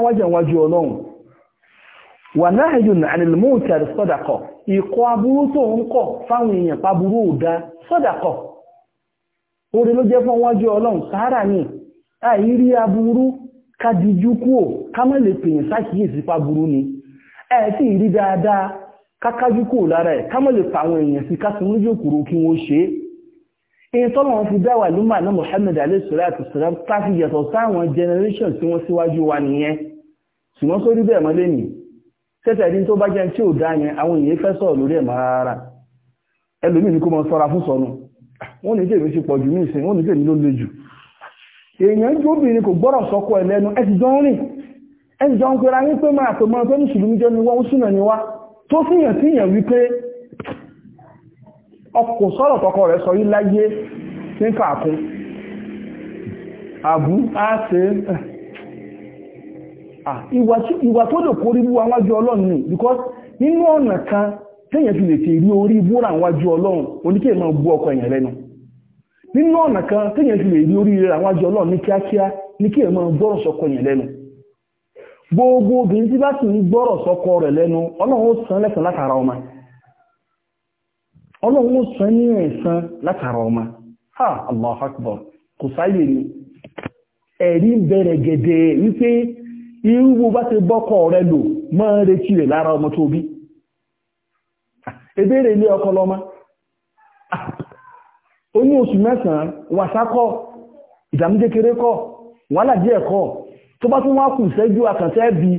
wà náà yóò nà ìkọ́ aburú tó ń fáwọn èèyàn paburú ò dá kájíjú kúò ká mọ́ lè pèyàn sákìyèsí pa burú ni ẹ̀ tí ìrí dáadáa kákájú kúò lára ẹ̀ ká mọ́ lè pa àwọn èèyàn sí kásùn lójú òkúrò kí wọ́n ṣe é èyí wọn fi dáwà lúmà generation tí wọ́n wa nìyẹn ṣùgbọ́n sórí bẹ́ẹ̀ mọ́ lẹ́nìí tẹ́tẹ̀ ní tó bá jẹ́ tí ò dá yẹn ni kó mọ sọ́ra fún sọnù wọ́n ní tèmi ti pọ̀ jù ní ìsìn wọ́n ní tèmi ló èèyàn jóbìnrin kò gbọ́rọ̀ sọ́kọ ẹ̀ lẹ́nu ẹ ti jọ ń rìn ẹ ti jọ ń pera ní pé máa tó máa tó ní ṣùgbọ́n jẹ́ ni wọ́n ń súnà ni wá tó fíyàn síyàn wípé ọkọ̀ sọ́rọ̀ tọkọ rẹ̀ sọ yí láyé ní fàákún àbú á ṣe because nínú ọ̀nà kan téèyàn fi lè tèrí orí búra àwájú ọlọ́run oníkèé máa bú nínú ọ̀nà kan téèyàn fi lè rí oríire àwọn àjọ ọlọ́run ní kíákíá ní kí èèyàn gbọ́rọ̀ yẹn lẹ́nu gbogbo obìnrin tí bá sì san látara ọmọ ọlọ́run san ní ọmọ ha Akbar kò sáyè ni ẹ̀rí bẹ̀rẹ̀ gẹ̀dẹ̀ wípé irú bó bá ti lò máa retí rẹ̀ ọmọ ebéèrè ilé ó ní oṣù mẹ́sàn-án wàsákọ́ ìdàmújékeré kọ́ wàhálà díẹ̀ kọ́ tó bá tún wá kù sẹ́jú àkànṣẹ́ bí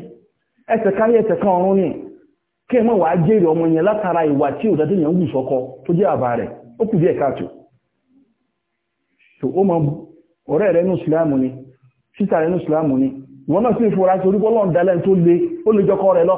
ẹsẹ̀ káyé ẹsẹ̀ kan ọ̀run ni kí ẹ mọ̀ wá jèrè ọmọ yẹn látara ìwà tí ò dájú yẹn ń wù sọ́kọ tó jẹ́ àbá rẹ̀ ó kù díẹ̀ káàtó ó mọ ọ̀rẹ́ rẹ̀ nù sílámù ni sísà rẹ̀ nù sílámù ni wọ́n náà sì fura sí orúkọ lọ́n dalẹ́ tó le ó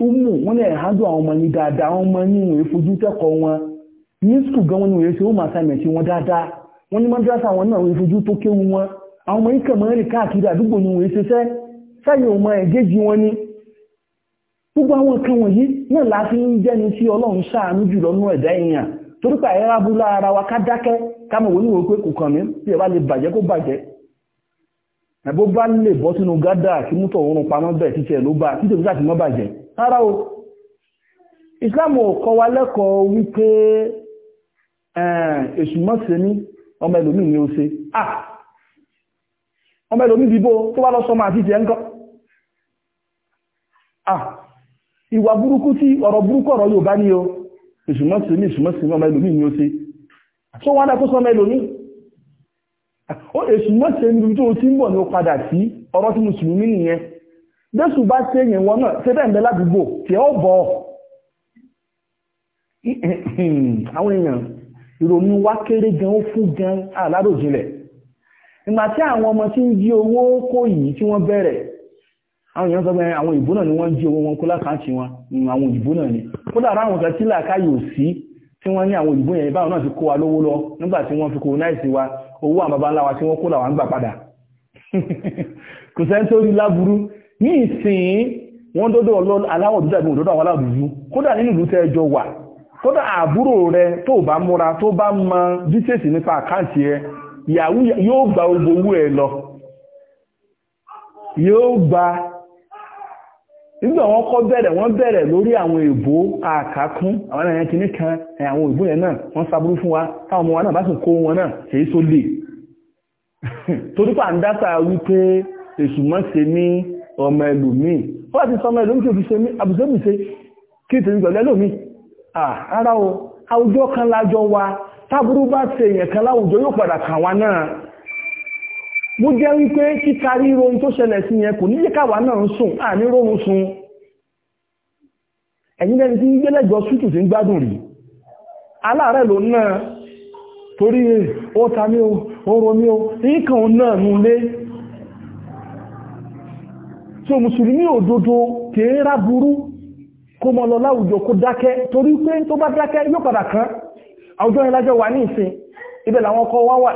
umu wọ́n lè handle àwọn ọmọ ní dáadáa àwọn ọmọ ní ìwé fojú tẹ́kọ̀ọ́ wọn ní skul gan wọn ni wọ́n ṣe home assignment wọn dáadáa wọ́n ní madrasa wọn náà wọ́n fojú tó kéwu wọn àwọn ọmọ ikẹ̀ mọ́ rìn káàkiri àdúgbò ni wọ́n ṣiṣẹ́ sáyẹ̀ ọmọ ẹ̀gẹ́jì wọn ni gbogbo àwọn kan wọ̀nyí náà láti ń jẹ́ni tí ọlọ́run ṣàánú jùlọ nú ẹ̀dá èèyàn torípa ẹ̀rá búlá ara wa ká dákẹ́ kámọ̀ wọ́n níwò pé kò kàn mí bí ẹ bá lè bàjẹ́ kó bàjẹ́ ẹ̀bó bá lè bọ́ sínú gádà kí mú tọ̀ òórùn pamọ́ bẹ̀ títẹ̀ ló bá títẹ̀ ló bá bàjẹ́ rárá o islam ò wa lẹ́kọ̀ọ́ wípé èṣù mọ́sẹ̀ ní ọmọ ẹlòmí ni ó ṣe ah ọmọ ẹlòmí tó wá lọ sọmọ àti jẹ́ ńkọ́ ah ìwà burúkú tí ọ̀rọ̀ burúkú ọ̀rọ̀ yóò bá ní o èṣù mọ́sẹ̀ ní èṣù mọ́sẹ̀ ní ọmọ ẹlòmí ni ó ṣe wá Jésù bá ṣe èyàn wọn náà ṣe bẹ́ẹ̀ ń bẹ ládùúgbò tí ó bọ̀ àwọn èèyàn ìrònú wá kéré gan ó fún gan aláròjinlẹ̀ ìgbà tí àwọn ọmọ tí ń jí owó kó yìí tí wọ́n bẹ̀rẹ̀ àwọn èèyàn sọ pé àwọn òyìnbó náà ni wọ́n jí owó wọn kó lákàntì wọn hmm, àwọn òyìnbó náà ni kó dára àwọn kan tí làákàyè ò sí tí wọ́n ní àwọn òyìnbó yẹn báwọn náà ti kó wa lówó lọ nígbà tí wọ́n fi kó náìsí wa owó àwọn baba tí wọ́n kó làwọn gbà padà kò sẹ́ńtórí láburú ní ìsìn wọ́n dódó aláwọ̀ dúdú àbí òdódó àwọn aláwọ̀ dúdú kódà nínú ìlú tẹ́ ẹjọ́ wà kódà àbúrò rẹ tó bá múra tó bá mọ díṣẹ́sì nípa àkáǹtì yóò gba gbogbo owó ẹ lọ yóò gba nígbà wọn lórí àwọn èbó àkàkún àwọn ẹ̀yàn kìíní kan àwọn yẹn náà fún wa táwọn ọmọ wa náà bá wọn náà lè torípà ń dáta ọmọ ẹlòmíì fún àti sọmọ ẹlòmíì tó fi ṣe mí àbùsọ́bì ṣe kí tèmi pẹ̀lú ẹlòmíì àrá o àwùjọ kan lájọ wa táburú bá ṣe èèyàn kan láwùjọ yóò padà kàn wá náà mo jẹ́ wípé kíta ríro ohun tó ṣẹlẹ̀ sí yẹn kò ní jẹ́ káwa náà ń sùn à ní sun ẹ̀yin lẹ́ni tí ń gbẹ́lẹ́jọ sútù tí ń gbádùn rí aláàárẹ̀ ló náà torí ó ta mí o ó ro mí o ní kàn náà nulé so mùsùlùmí òdodo kèéra burú kó mọ lọ láwùjọ kó dákẹ́ torí pé tó bá dákẹ́ yóò padà kán àwùjọ yẹn lájọ wà ní ìsìn ibẹ̀ làwọn ọkọ wá wà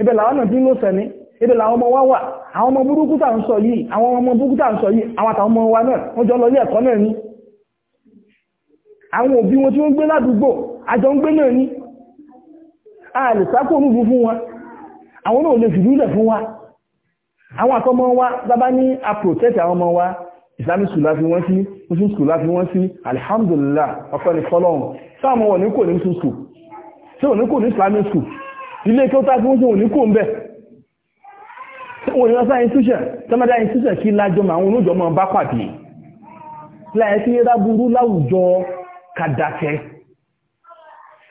ibe làwọn náà ti ń lò sẹ̀mí ibẹ̀ làwọn ọmọ wá wà àwọn ọmọ burúkú tà ń sọ yìí àwọn ọmọ burúkú tà ń sọ yìí àwọn àtàwọn ọmọ wa náà wọ́n jọ lọ ilé ẹ̀kọ́ náà ni àwọn òbí wọn tí wọ́n gbé ládùúgbò àjọ ń gbé náà ni a lè sákò òmùgbù fún wa àwọn náà lè fìdí ilẹ̀ fún wa àwọn àtọmọ wa bàbá ní a protect àwọn ọmọ wa islamic school láti wọ́n sí muslim school láti wọ́n sí alhamdulillah ọ̀pẹ́ ní fọ́lọ́run sáàmù wọn ní kò ní muslim school tí wọn ní kò ní islamic school ilé kí ó tá fún wọn ní kò ń bẹ̀ tí wọn ní wọ́n sáà institution tẹ́mẹ́dá institution kí lájọ mà àwọn olóòjọ́ mọ́ bá pàdé láyé sí yẹ́dá burú láwùjọ kàdàkẹ́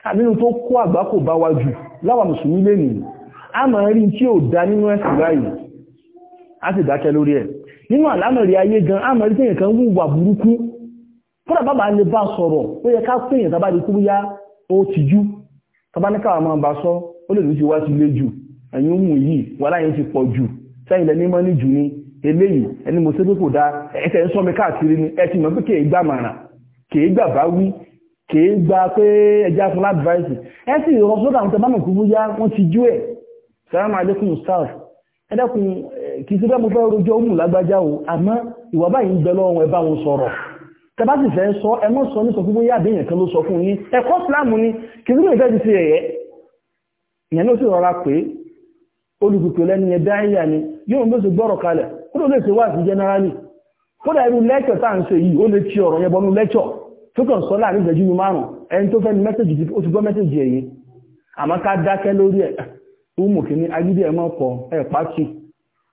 àbínú tó kó àgbákò bá wájú láwà mùsùlùmí lè nìyí a máa rí tí ò dá nínú ẹ̀sìn báyìí a si dákẹ́ lórí ẹ̀ nínú àlámẹ̀rí ayé gan àmọ̀rí tí èèyàn wùwà burúkú fúnra bàbá lè bá sọ̀rọ̀ ó yẹ ká pé ya tàbá di yá ó ti jú tàbá ní káwà máa bá sọ ó lè ní ti wá sí ilé jù ẹ̀yìn ohun yìí ti pọ̀ jù sẹ́yìn mọ́ ní ni eléyìí ẹni mo sọ káàkiri ni ẹ ti mọ̀ pé kèé gbà màrà gbà bá wí gba pé fún ẹ sì rọ àwọn kúrú yá wọ́n ti jú ẹ̀ kì í sí bẹ́mú fẹ́ rojọ́ mù lágbájá o àmọ́ ìwà báyìí ń bẹ lọ́wọ́ ẹ bá wọn sọ̀rọ̀ tẹbá sì fẹ́ sọ ẹ mọ́ sọ ní sọ fún bóyá kan ló sọ fún yín ẹ̀kọ́ síláàmù ni kì í sí bẹ́ẹ̀ ti ṣe ẹ̀yẹ ìyẹn ni yóò ló sì gbọ́rọ̀ kalẹ̀ kó ló lè ṣe wá sí jẹ́nẹ́rálì kódà irú lẹ́kṣọ̀ tá à ń ṣe yìí ó lè ti ọ̀rọ̀ yẹn bọnú lẹ́kṣọ̀ tó kàn sọ láàrin ìgbẹ́jú mi márùn ẹni tó dákẹ́ lórí ẹ̀ ó mú agídí ẹ̀ mọ́ pọ̀ ẹ̀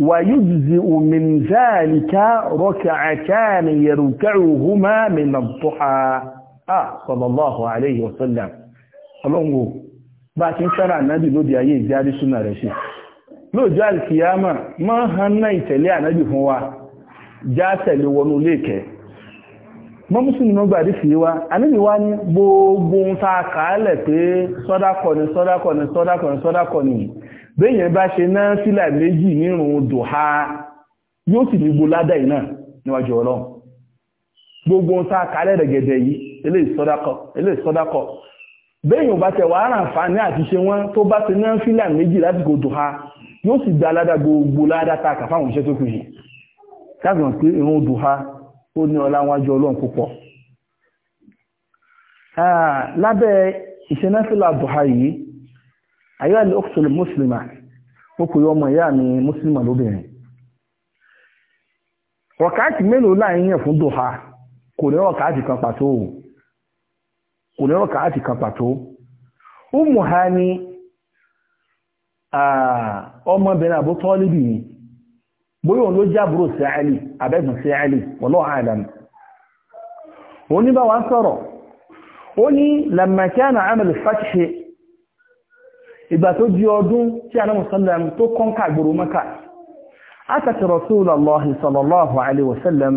ويجزئ من ذلك ركعتان يركعهما من الضحى ah sallallahu alayhi wa sallam ọlọ́run bá ti ń sára ànábì lóde ayé ìjárí súnà rẹ̀ ṣe lóòjọ́ alkiyama máa hàn náà ìtẹ̀lé ànábì fún wa já tẹ̀lé wọnú fi wá ànábì wá gbogbo ta kàálẹ̀ pé sọ́dákọ̀ ni sọ́dákọ̀ ni ni ni béèyàn bá ṣe náà sílà méjì nírun dùhá yóò sì ní gboládà iná níwájú ọlọ́run gbogbo ohun tá a kálẹ̀ rẹ̀gẹ̀dẹ̀ yìí eléyìí sọ́dákọ̀ eléyìí sọ́dákọ̀ béèyàn bá tẹ wàá ràn fàní àti ṣe wọ́n tó bá ṣe náà sílà méjì lásìkò dùhá yóò sì gba aládà gbogbo ládà tá a kà fáwọn iṣẹ́ tó kù yìí káàkiri pé irun dùhá ó ní ọlá wájú ọlọ́run púpọ̀ ah, lábẹ́ ìṣẹ́náfílà dùhá yìí àyà lè ọ́kùsọ̀lù mùsùlùmá ó kò yọ ọmọ ìyá mi mùsùlùmá lóbìnrin ọ̀káàtì mélòó láàrin yẹn fún dùhà kò ní ọ̀káàtì kan pàtó kò ní ọ̀káàtì kan pàtó ó mù ha ní ọmọbìnrin Abu Talib ni bóyá òun ló jábúrò sí àìlì abẹ́gùn sí àìlì wallahu a'lam ìgbà tó di ọdún tí anáwò sallam tó kọ́ńkà gbòrò mẹ́kà àtàtì rasulullahi sallallahu alaihi wasallam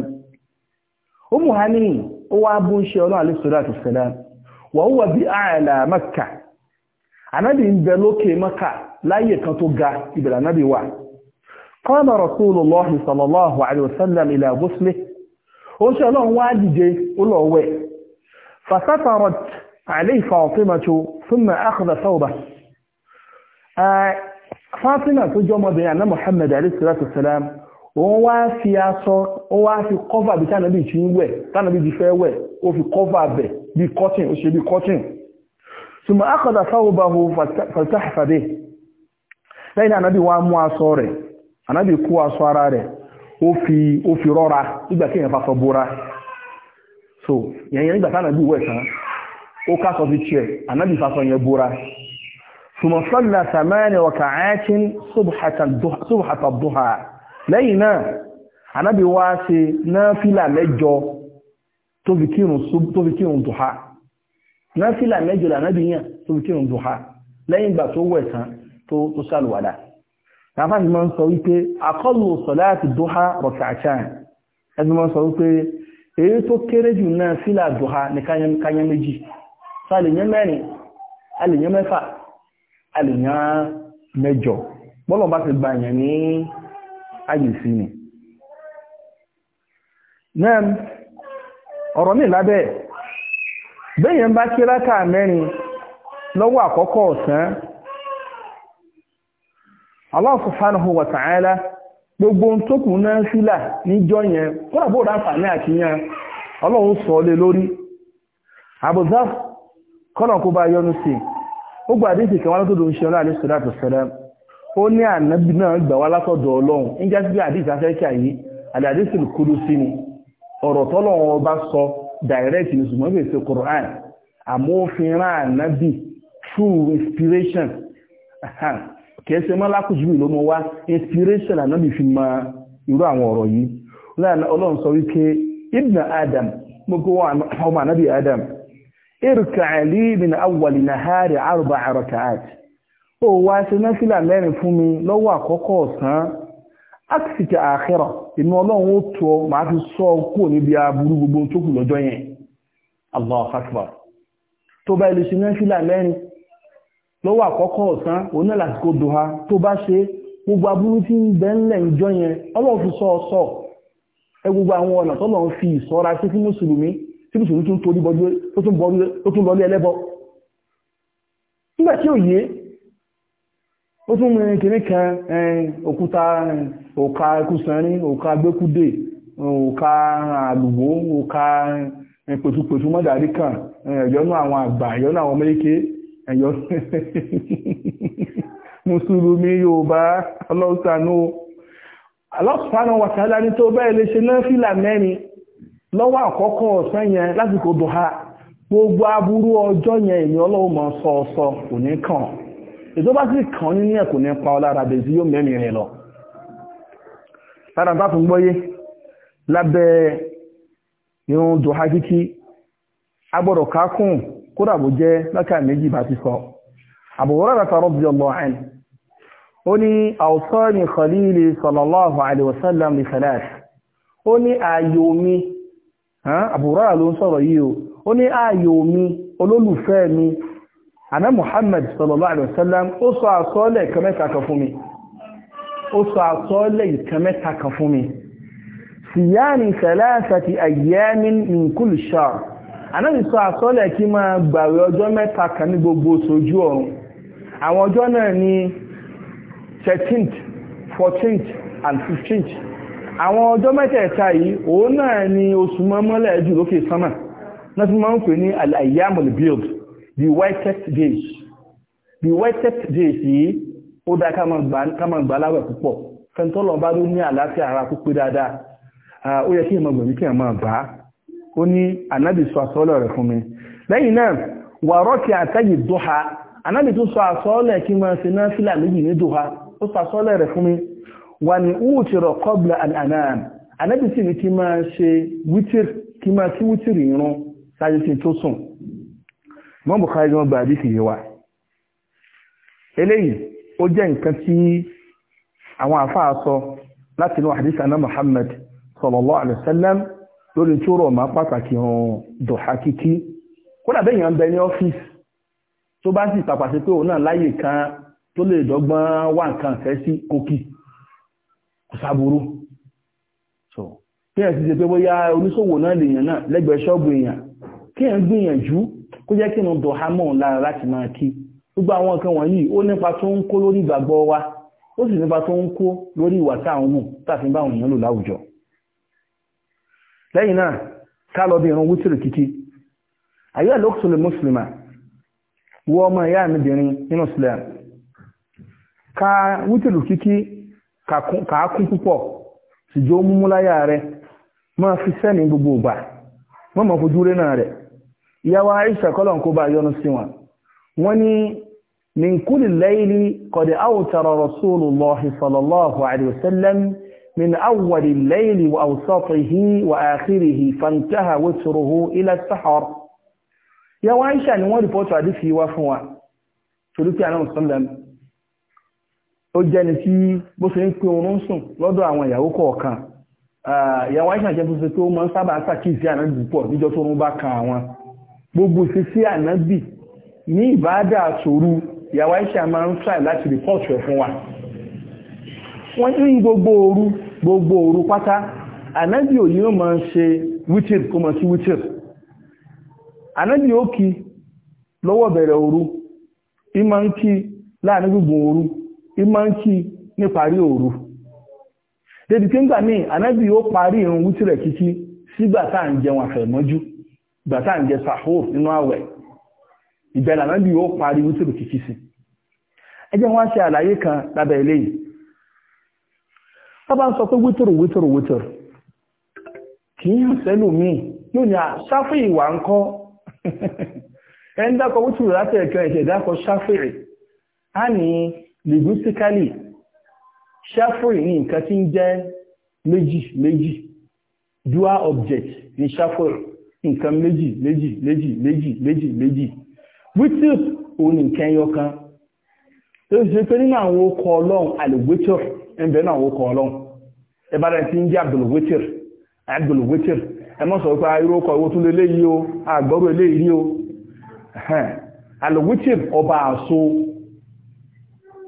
umu hani ó wá bú ń ṣe ọlọ́run alaihi salatu wasallam wa huwa bi a'la mẹ́kà anábì ń bẹ lókè mẹ́kà láyé kan tó ga ìbẹ̀rẹ̀ anábì wà qama rasulullahi sallallahu alaihi wasallam ila ó ṣe ọlọ́run wá dìde ó lọ wẹ̀ fasatarat عليه فاطمة ثم أخذ ثوبه Eh, Fátímà tó jọ ọmọbìnrin àná Muhammad alayhisalatu salam òun wá fi fi kọ́fà bí tánàbí ti ń wẹ̀ tánàbí ti fẹ́ wẹ̀ ó fi kọ́fà bẹ̀ bí cotton ó ṣe bí cotton ṣùgbọ́n akọ̀dà sáwọ́báhù fàtàfàdé lẹ́yìn ànábì wá mú aṣọ rẹ̀ ànábì kú aṣọ ara rẹ̀ ó fi rọ́ra nígbà so ثم صلى ثمان ركعات صبحة الضحى صبحة الضحى lẹ́yìn náà Ànábì wá ṣe náfílà mẹ́jọ tó fi kírun dùhá náfílà mẹ́jọ l'Ànábì yàn tó fi kírun dùhá lẹ́yìn ìgbà tó wẹ̀ tán tó sàlùwàdà láfáàsì máa ń sọ wípé aqallu salati dùhá rak'atan ẹgbẹ́ máa ń sọ wípé èyí tó kéré jù náfílà dùhá ní káyán méjì sáà lè yẹn mẹ́rin a lè yẹn mẹ́fà aliyan mẹ́jọ bọ́lọ̀ bá ti gba èèyàn ní ààyè sí ni ọ̀rọ̀ mi lábẹ́ bẹ́yẹn bá kí rákà mẹ́rin lọ́wọ́ àkọ́kọ́ ọ̀sán gbogbo tó náà sílà níjọ́ yẹn bó ọlọ́run sọ lé lórí yọnu sí ó gbà dé ìsìnkà wọn látọ̀dọ̀ oṣù ọlá àlẹ́sọ̀dá àtọ̀sẹ̀lẹ̀ ó ní ànábì náà gbà wá látọ̀dọ̀ ọlọ́run ń já sí àdìsí afẹ́kẹ́ àyè àdìsí kúrú sí ni ọ̀rọ̀ tọ́lọ́run ọba sọ direct ní ṣùgbọ́n fèsì Quran àmọ́ òfin rán ànábì true inspiration kẹsẹ̀ mọ́ lákòjú ìlú mọ́ wá inspiration ànábì fi mọ irú àwọn ọ̀rọ̀ yìí ọlọ́run sọ wípé ibn Adam mo kó wọn ọmọ ànábì Adam irka li min awwali nahari arba'a rak'at ó wá ṣe nafila mẹ́rin fún mi lọ́wọ́ àkọ́kọ́ ọ̀sán aksika akhira inú Ọlọ́hun ó tọ́ ma fi sọ kò ní bí aburú gbogbo tó kù lọ́jọ́ yẹn allah akbar tó bá ilé ṣe nafila mẹ́rin lọ́wọ́ àkọ́kọ́ ọ̀sán ona lásìkò duha tó bá ṣe gbogbo aburú tí ń bẹ ńlẹ̀ ńjọ́ yẹn Ọlọ́hun fi gbogbo àwọn ọ̀nà ń fi sí fún tí mùsùlùmí tún torí bọ́jú tó tún lọlé ẹlẹ́bọ nígbà tí ò yé ó tún mú kìíní kan òkúta òka ẹkùsànrin òka gbẹ́kúdè òka àlùwò òka pẹ̀tùpẹ̀tù mọ́dàrí kan ẹ̀yọ́nú àwọn àgbà ẹ̀yọ́nú àwọn mẹ́ríkẹ́ ẹ̀yọ́ mùsùlùmí Yorùbá ọlọ́sànú alọ́sànú wàtàlá ní tó bẹ́ẹ̀ lè ṣe náà fìlà mẹ́rin lọ́wọ́ àkọ́kọ́ ọ̀sán yẹn lásìkò dùhà gbogbo aburú ọjọ́ yẹn èmi ọlọ́run mọ̀ sọ̀ọ̀sọ̀ kò ní kàn ètò bá sì kàn nínú ẹ̀ kò ní pa ọlára bèzí yóò mẹ́mí rẹ̀ lọ lára bá fún gbọ́yé lábẹ́ irun dùhà kíkí agbọ́dọ̀ kákùn kódà bó jẹ́ lákà méjì bá ti sọ àbòwọ́rọ̀ rẹ̀ tọrọ bí ọlọ́ ẹ̀ ó ní àwùsọ́ ni khalili sallallahu alaihi wasallam bi salat ó ní ààyò mi àbúrọ́rà ló ń sọ̀rọ̀ yìí o ó ní ààyò mi olólùfẹ́ mi àná Muhammad sallallahu alaihi wasallam ó sọ àsọ́ọ́lẹ̀ ìkan mẹ́ta kan fún mi ó sọ àsọ́ọ́lẹ̀ ìkan mẹ́ta kan fún mi síyáàni sẹ̀láṣàtì àyẹ́mí nìkúlù 13 14 and 15th àwọn ọjọ́ mẹ́tẹ̀ẹ̀ta yìí òun náà ni oṣù mọ́mọ́lẹ̀ jù lókè sánmà náà fi máa ń pè ní al-ayyamul bild the whitest days the whitest days yìí ó dá ká máa gbà láwẹ̀ púpọ̀ fẹ́ntọ́lọ̀ bá ló ní àlàáfíà ara púpé dáadáa ó yẹ kí ẹ máa gbẹ̀mí kí ẹ máa bá ó ní ànábì sọ àsọ́ọ́lẹ̀ rẹ̀ fún mi lẹ́yìn náà wàrọ́kì àtẹ́yì dóha ànábì tó sọ àsọ́ọ́lẹ̀ kí máa ṣe náà fílà méjì ní dóha ó sọ àsọ́ọ́lẹ̀ rẹ̀ fún mi wà ní wútìrọ̀ kọ́bla al'anam anábì sì ní kí máa ṣe wítìr kí máa kí wítìr ìrún sáyé sí tó sùn mọ́ Bukhari wọn gbà àdísì yìí eléyìí ó jẹ́ nǹkan tí àwọn àfáà sọ láti inú àdísì aná Muhammad sallallahu alaihi wasallam lórí tí ó rọ̀ máa pàtàkì hàn dọ̀há kíkí kódà bẹ́ẹ̀ yàn ń bẹ ní ọ́fíìsì tó bá sì pàpàṣẹ pé òun náà láyè kan tó lè dọ́gbọ́n wà nǹkan fẹ́ sí kókì kò so kí ẹ̀ sì ṣe pé bóyá oníṣòwò náà lèèyàn náà lẹ́gbẹ̀ẹ́ ṣọ́ọ̀bù èèyàn kí ẹ̀ ń gbìyànjú kó jẹ́ kí n dọ̀ ha mọ̀ lára láti máa kí gbogbo àwọn nǹkan wọ̀nyí ó nípa tó ń kó lórí ìgbàgbọ́ wa ó sì nípa tó ń kó lórí ìwà táwọn mù táfi bá àwọn èèyàn lò láwùjọ lẹ́yìn náà ká lọ bí irun wútìrì kíkí ayé àlọ́kùsọ̀lẹ̀ mùsùlùmá wọ ọmọ ìyá mi bìnrin nínú Islam ká wútìrì kíkí kàákún púpọ̀ ṣùjọ́ ó múmú láyà rẹ̀ máa fi sẹ́ni gbogbo ìgbà wọ́n mọ̀ fojú rẹ̀ náà rẹ̀ ìyàwó Aisha kọ́lọ̀n kó bá yọnu sí wọn wọ́n ní min kulli layli qad awtara rasulullah sallallahu alaihi wasallam ni wọ́n rìpọ́tù àdífi wá fún ó jẹ́ni tí bó ṣe ń pé oorun sùn lọ́dọ̀ àwọn ìyàwó kọ̀ọ̀kan ìyàwó àìsàn jẹ́ tuntun tó máa ń sábà ṣàkíyèsí ànábì pọ̀ níjọ́ tó rún bá kan àwọn gbogbo ṣe ànábì ní ìbáàdà ìyàwó àìsàn máa ń ṣàì láti gbogbo ooru gbogbo ooru pátá ànábì ò máa ń ṣe kó máa sí ànábì ó kí lọ́wọ́ bẹ̀rẹ̀ ìmọ̀ ń kí ìmọ̀ ma kí ní parí òru débi tí ń gbà míì ànábì irun wútìrẹ̀ kíkí sígbà tá à ń jẹun àfẹ̀mọ́jú ìgbà tá à ń jẹ sahur nínú àwẹ̀ ìbẹ̀lẹ̀ ànábì ó parí wútìrẹ̀ kíkí sí ẹ jẹ́ wọ́n ṣe àlàyé kan lábẹ́ eléyìí tọ́bá ń sọ pé wítòrò wítòrò wítòrò kì í sẹ́lù míì yóò ní àṣáfì ìwà ń kọ́ ẹ ń dákọ̀ wítòrò láti ẹ̀ṣẹ̀ linguistically shuffle ní nǹkan tí ń jẹ́ meji méjì dual object ní shuffle nǹkan meji meji meji meji meji méjì wítìp òun nǹkan ẹyọ kan tó ń ṣe pé nínú àwọn okọ̀ ọlọ́run àlèwétìr ń bẹ nínú àwọn okọ̀ ọlọ́run ẹ bá dẹ̀ ti ń jẹ́ àgbèlòwétìr àgbèlòwétìr ẹ mọ́ sọ pé ah, irú ọkọ̀ ìwó tún lélẹ́yìí o àgbọ́rò eléyìí o ah, àlèwétìr ọba àṣọ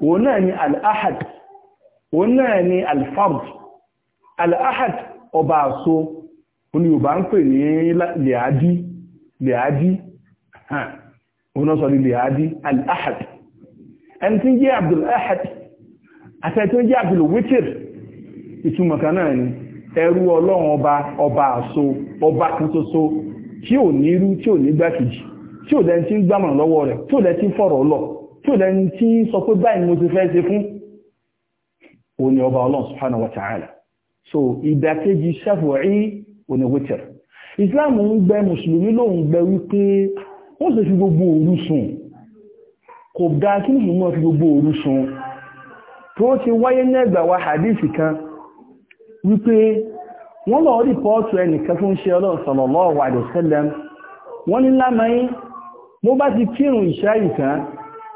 òun náà ni al-ahad òun náà ni al-fard al-ahad ọba àso òun yóò bá ń pè ní lèádí lèádí òun náà sọ ní lèádí al-ahad ẹni tí ń jẹ́ abdul-ahad àti ẹni tí ń jẹ́ abdul-witir ìtumọ̀ kan náà ni ẹrú ọlọ́run ọba ọba àso ọba kan ṣoṣo tí ò ní irú tí ò ní gbákejì tí ò dẹ́ni tí ń gbámọ̀ràn lọ́wọ́ rẹ̀ tí ò dẹ́ni tí ń fọ̀rọ̀ ọlọ́ọ̀ tí ò lẹ́ni tí sọ pé báyìí mo ti fẹ́ ṣe fún o ọba ọlọ́run subhanahu wa ta'ala so ìdàkejì ṣàfùrí oníwítìr islam ń gbẹ mùsùlùmí lóhun gbẹ wípé wọ́n sì fi gbogbo òru sùn kò dá kí mùsùlùmí fi gbogbo òru sùn tó ti wáyé nẹ́gbà wa hadith kan wípé wọ́n lọ rí pọ́ọ̀tù ẹnìkan fún ṣe ọlọ́run sallallahu alaihi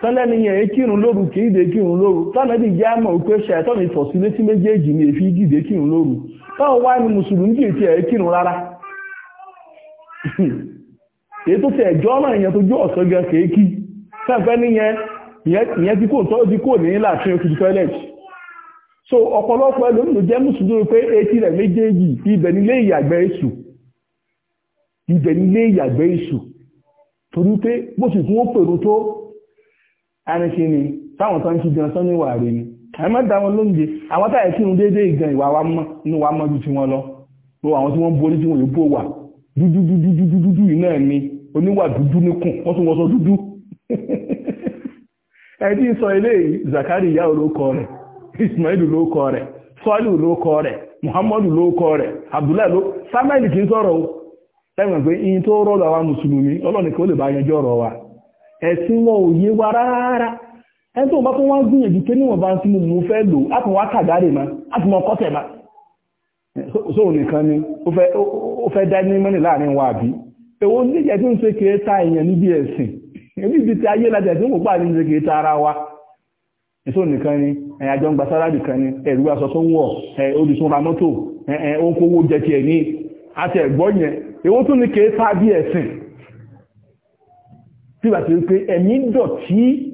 tọ́lẹ́ni yẹn ekírun lóru kìí í dèkírun lóru tọ́lẹ́ni jẹ́ àmọ̀ òpé ṣàìtọ́nù ìfọ̀sílétí méjèèjì ni èfi dìde kírun lóru táwọn wá ní mùsùlùmí kì í tiẹ̀ ekírun rárá èyí tó tiẹ̀ jọ́ náà yẹn tó jó ọ̀sán gan kéèkì sẹ́ǹfẹ́ níyẹn ìyẹn ti tọ́ ti ní láàfin so ọ̀pọ̀lọpọ̀ ẹlòmí ló jẹ́ mùsùlùmí pé etí rẹ̀ méjèèjì ibẹ̀ nílé ìyàgbẹ́ èṣù ibẹ̀ nílé ẹni kí ni táwọn tán kí gan sọ́nà ìwà rẹ̀ ni ẹ̀mọ́ da wọn àwọn táyà ìwà wa mọ́ inú wa mọ́ ti lọ lọ àwọn tí wọ́n borí tí wọ́n yóò bó wà dúdú dúdú dúdú dúdú yìí náà ni oníwà dúdú wọ́n tún wọ́n sọ dúdú ẹni sọ ilé Zakari ìyá olókọ rẹ̀ Ismail olókọ rẹ̀ Muhammadu olókọ rẹ̀ Abdullahi ló Samuel kì í sọ̀rọ̀ o ẹ̀wọ̀n pé iyin tó àwọn ẹ̀sìn wọn ò yé wa rárá ẹni tó bá tó wá gbìyànjú pé níwọ̀n bá ń tí mo mú fẹ́ lò látùn wá kàgárè ma láti mọ kọ́tẹ̀ ma sóò nìkan ni ó fẹ́ dá ní mọ́nì láàrin wa àbí èwo ní ìjẹ́ tó ń ṣe kéré ta èèyàn níbi ẹ̀sìn èmi ibi ti ayé lajà tí mo pàdé ní ṣe kéré ta ara wa sóò nìkan ni ẹ̀yà jọ ń gba sálárì kan ni ẹ̀rú aṣọ tó wọ̀ olùsùn ra mọ́tò ó ń kówó jẹ tiẹ̀ ní àti ẹ̀gbọ́ yẹn èwo tún ní kéré ta bí ẹ̀sìn tí bàtí wípé ẹ̀mí dọ̀tí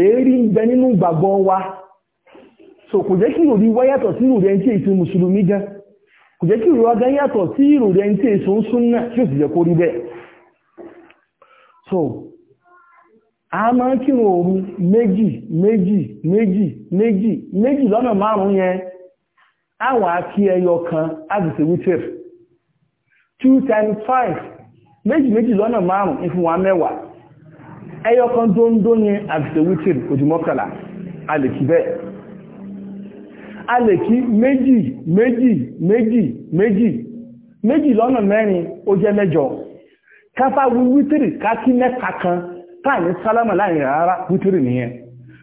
èérí ń bẹ nínú gbàgbọ́ wa so kò jẹ́ kí ìròrí yàtọ̀ sí ìròrí ẹni tí èsì mùsùlùmí gan kò jẹ́ kí ìròrí wá gan sí ìròrí ẹni tí ń tí ó sì jẹ́ kó rí bẹ́ẹ̀ so a máa ń kírun ooru méjì méjì méjì méjì méjì lọ́nà márùn-ún yẹn àwọn kan á sì ṣe méjì méjì lọ́nà márùn-ún fún wa mẹ́wàá ẹyọ kan tó ń dó ní àfìsẹ̀wítìrì kò jù mọ́kànlá a lè kí bẹ́ẹ̀ a lè kí méjì méjì méjì méjì méjì lọ́nà mẹ́rin ó jẹ́ mẹ́jọ káfá wítìrì ká mẹ́ta kan táà sálámà láàrin rárá wítìrì nìyẹn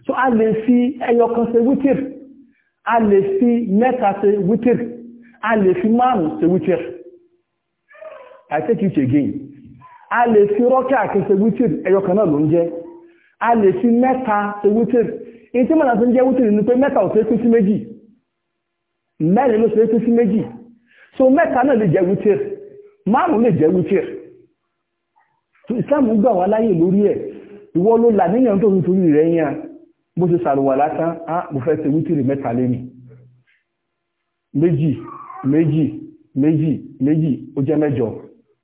so a lè fi ẹyọ kan ṣe wítìrì a lè fi mẹ́ta ṣe wítìrì a lè fi márùn-ún ṣe wítìrì I take it again. A lè fi rọ́kà kí ṣe wítìr ẹyọ kan náà ló ń jẹ́. A lè fi mẹ́ta ṣe wítìr. Ìyí tí mọ̀nà tó ń jẹ́ wítìr ni pé mẹ́ta ò ṣe pín sí méjì. Mẹ́rin ló ṣe pín sí méjì. So mẹ́ta náà lè jẹ́ wítìr. Márùn-ún lè jẹ́ wítìr. Ìsìlámù gbà wá láyè lórí ẹ̀. Ìwọ ló là níyàn tó ń torí rẹ̀ yẹn. Bó ṣe sàrùwà lásán, á ah, mo fẹ́ ṣe wítìr mẹ́ta lénìí. Méjì, méjì, méjì, méjì, ó jẹ́ mẹ́jọ.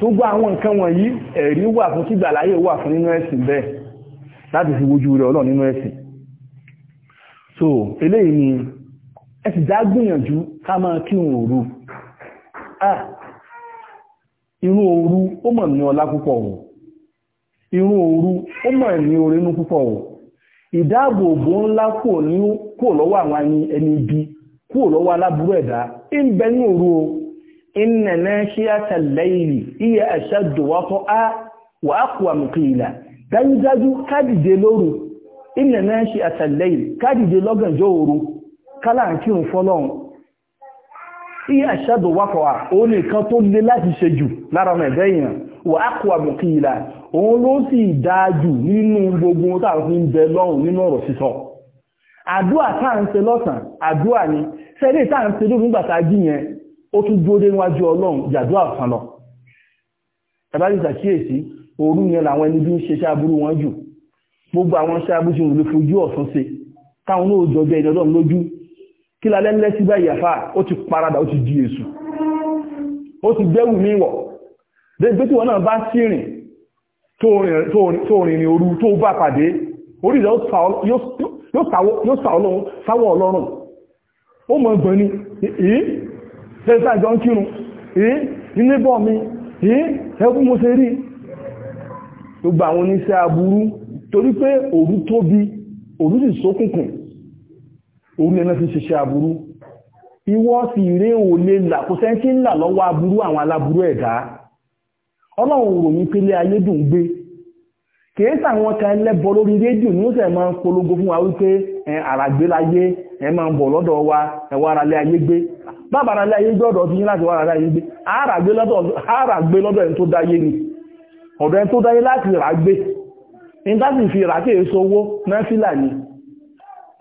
gbogbo àwọn nǹkan wọ̀nyí ẹ̀rí wà fún tí gbàláyé wà fún nínú ẹ̀sìn bẹ́ẹ̀ láti fi wojú rẹ̀ ọlọ́ nínú ẹ̀sìn so eléyìí ni ẹ̀sìn já gbìyànjú ká máa kí òun òru ah irun òru ó mọ̀ ní ọlá púpọ̀ wò irun òru ó mọ̀ ní orínú púpọ̀ wò ìdáàbòbò ńlá kò lọ́wọ́ àwọn ẹni ibi kò lọ́wọ́ aláburú ẹ̀dá ń bẹ ní òru o inna nashiyata al-layli hiya ashaddu wat'a wa aqwamu qila dájúdájú kádìde lóru inna nashiyata al-layli kádìde lọ́gànjọ́ òru kálà ń kírun fọ́lọ́run hiya ashaddu wat'a ó nìkan tó lé láti ṣe jù lára ọmọ ẹ̀dẹ́ èèyàn wa aqwamu qila òun ló sì dájú nínú gbogbo táàfin ń ṣe lọ́sàn àdúà ni sẹ́lẹ̀ táà ń ṣe lórí nígbàtà jí yẹn ó tún dúró dé níwájú ọlọ́run jàdó àfàn lọ tàbí ìsàkíyèsí òru yẹn làwọn ẹni bí ń ṣe ṣáàbúrú wọn jù gbogbo àwọn ṣáàbúrú sí òun fojú ọ̀sán ṣe táwọn náà jọ bẹ ìdọ́dọ̀ lójú kí lálẹ́ ńlẹ́ sí báyìí àfà ó ti paradà ó ti di èṣù ó ti gbẹ́wù mí wọ̀ débi tí wọn náà bá sí rìn tó rìnrìn òru tó bá pàdé orí rẹ̀ yóò sáwọ́ ọlọ́run ó mọ̀ gbọ́n ni tẹ́sà ìjọ ń kírun èé níbọ̀ mi èé ẹkùn mo ṣe rí gbogbo àwọn oníṣẹ́ aburú torí pé òru tóbi òru sì òru lẹ́nà ṣiṣẹ́ aburú rí lè là kò sẹ́ńtí ńlà lọ́wọ́ aburú àwọn ẹ̀dá ọlọ́run rò ní kìí sàwọn kan lẹ́bọ lórí rédíò ní oṣù ẹ̀mọ́ polongo fún wa wípé àràgbélayé ẹ máa ń bọ̀ lọ́dọ̀ wa ẹ̀wọ́ aralé ayé gbé bàbá aralé ayé gbé ọ̀dọ̀ fi láti wá aralé ayé gbé àràgbé lọ́dọ̀ ẹni tó dáyé ni ọ̀dọ̀ ẹni tó dáyé láti ràgbé ní láti fi ràkè èso owó náà fílà ni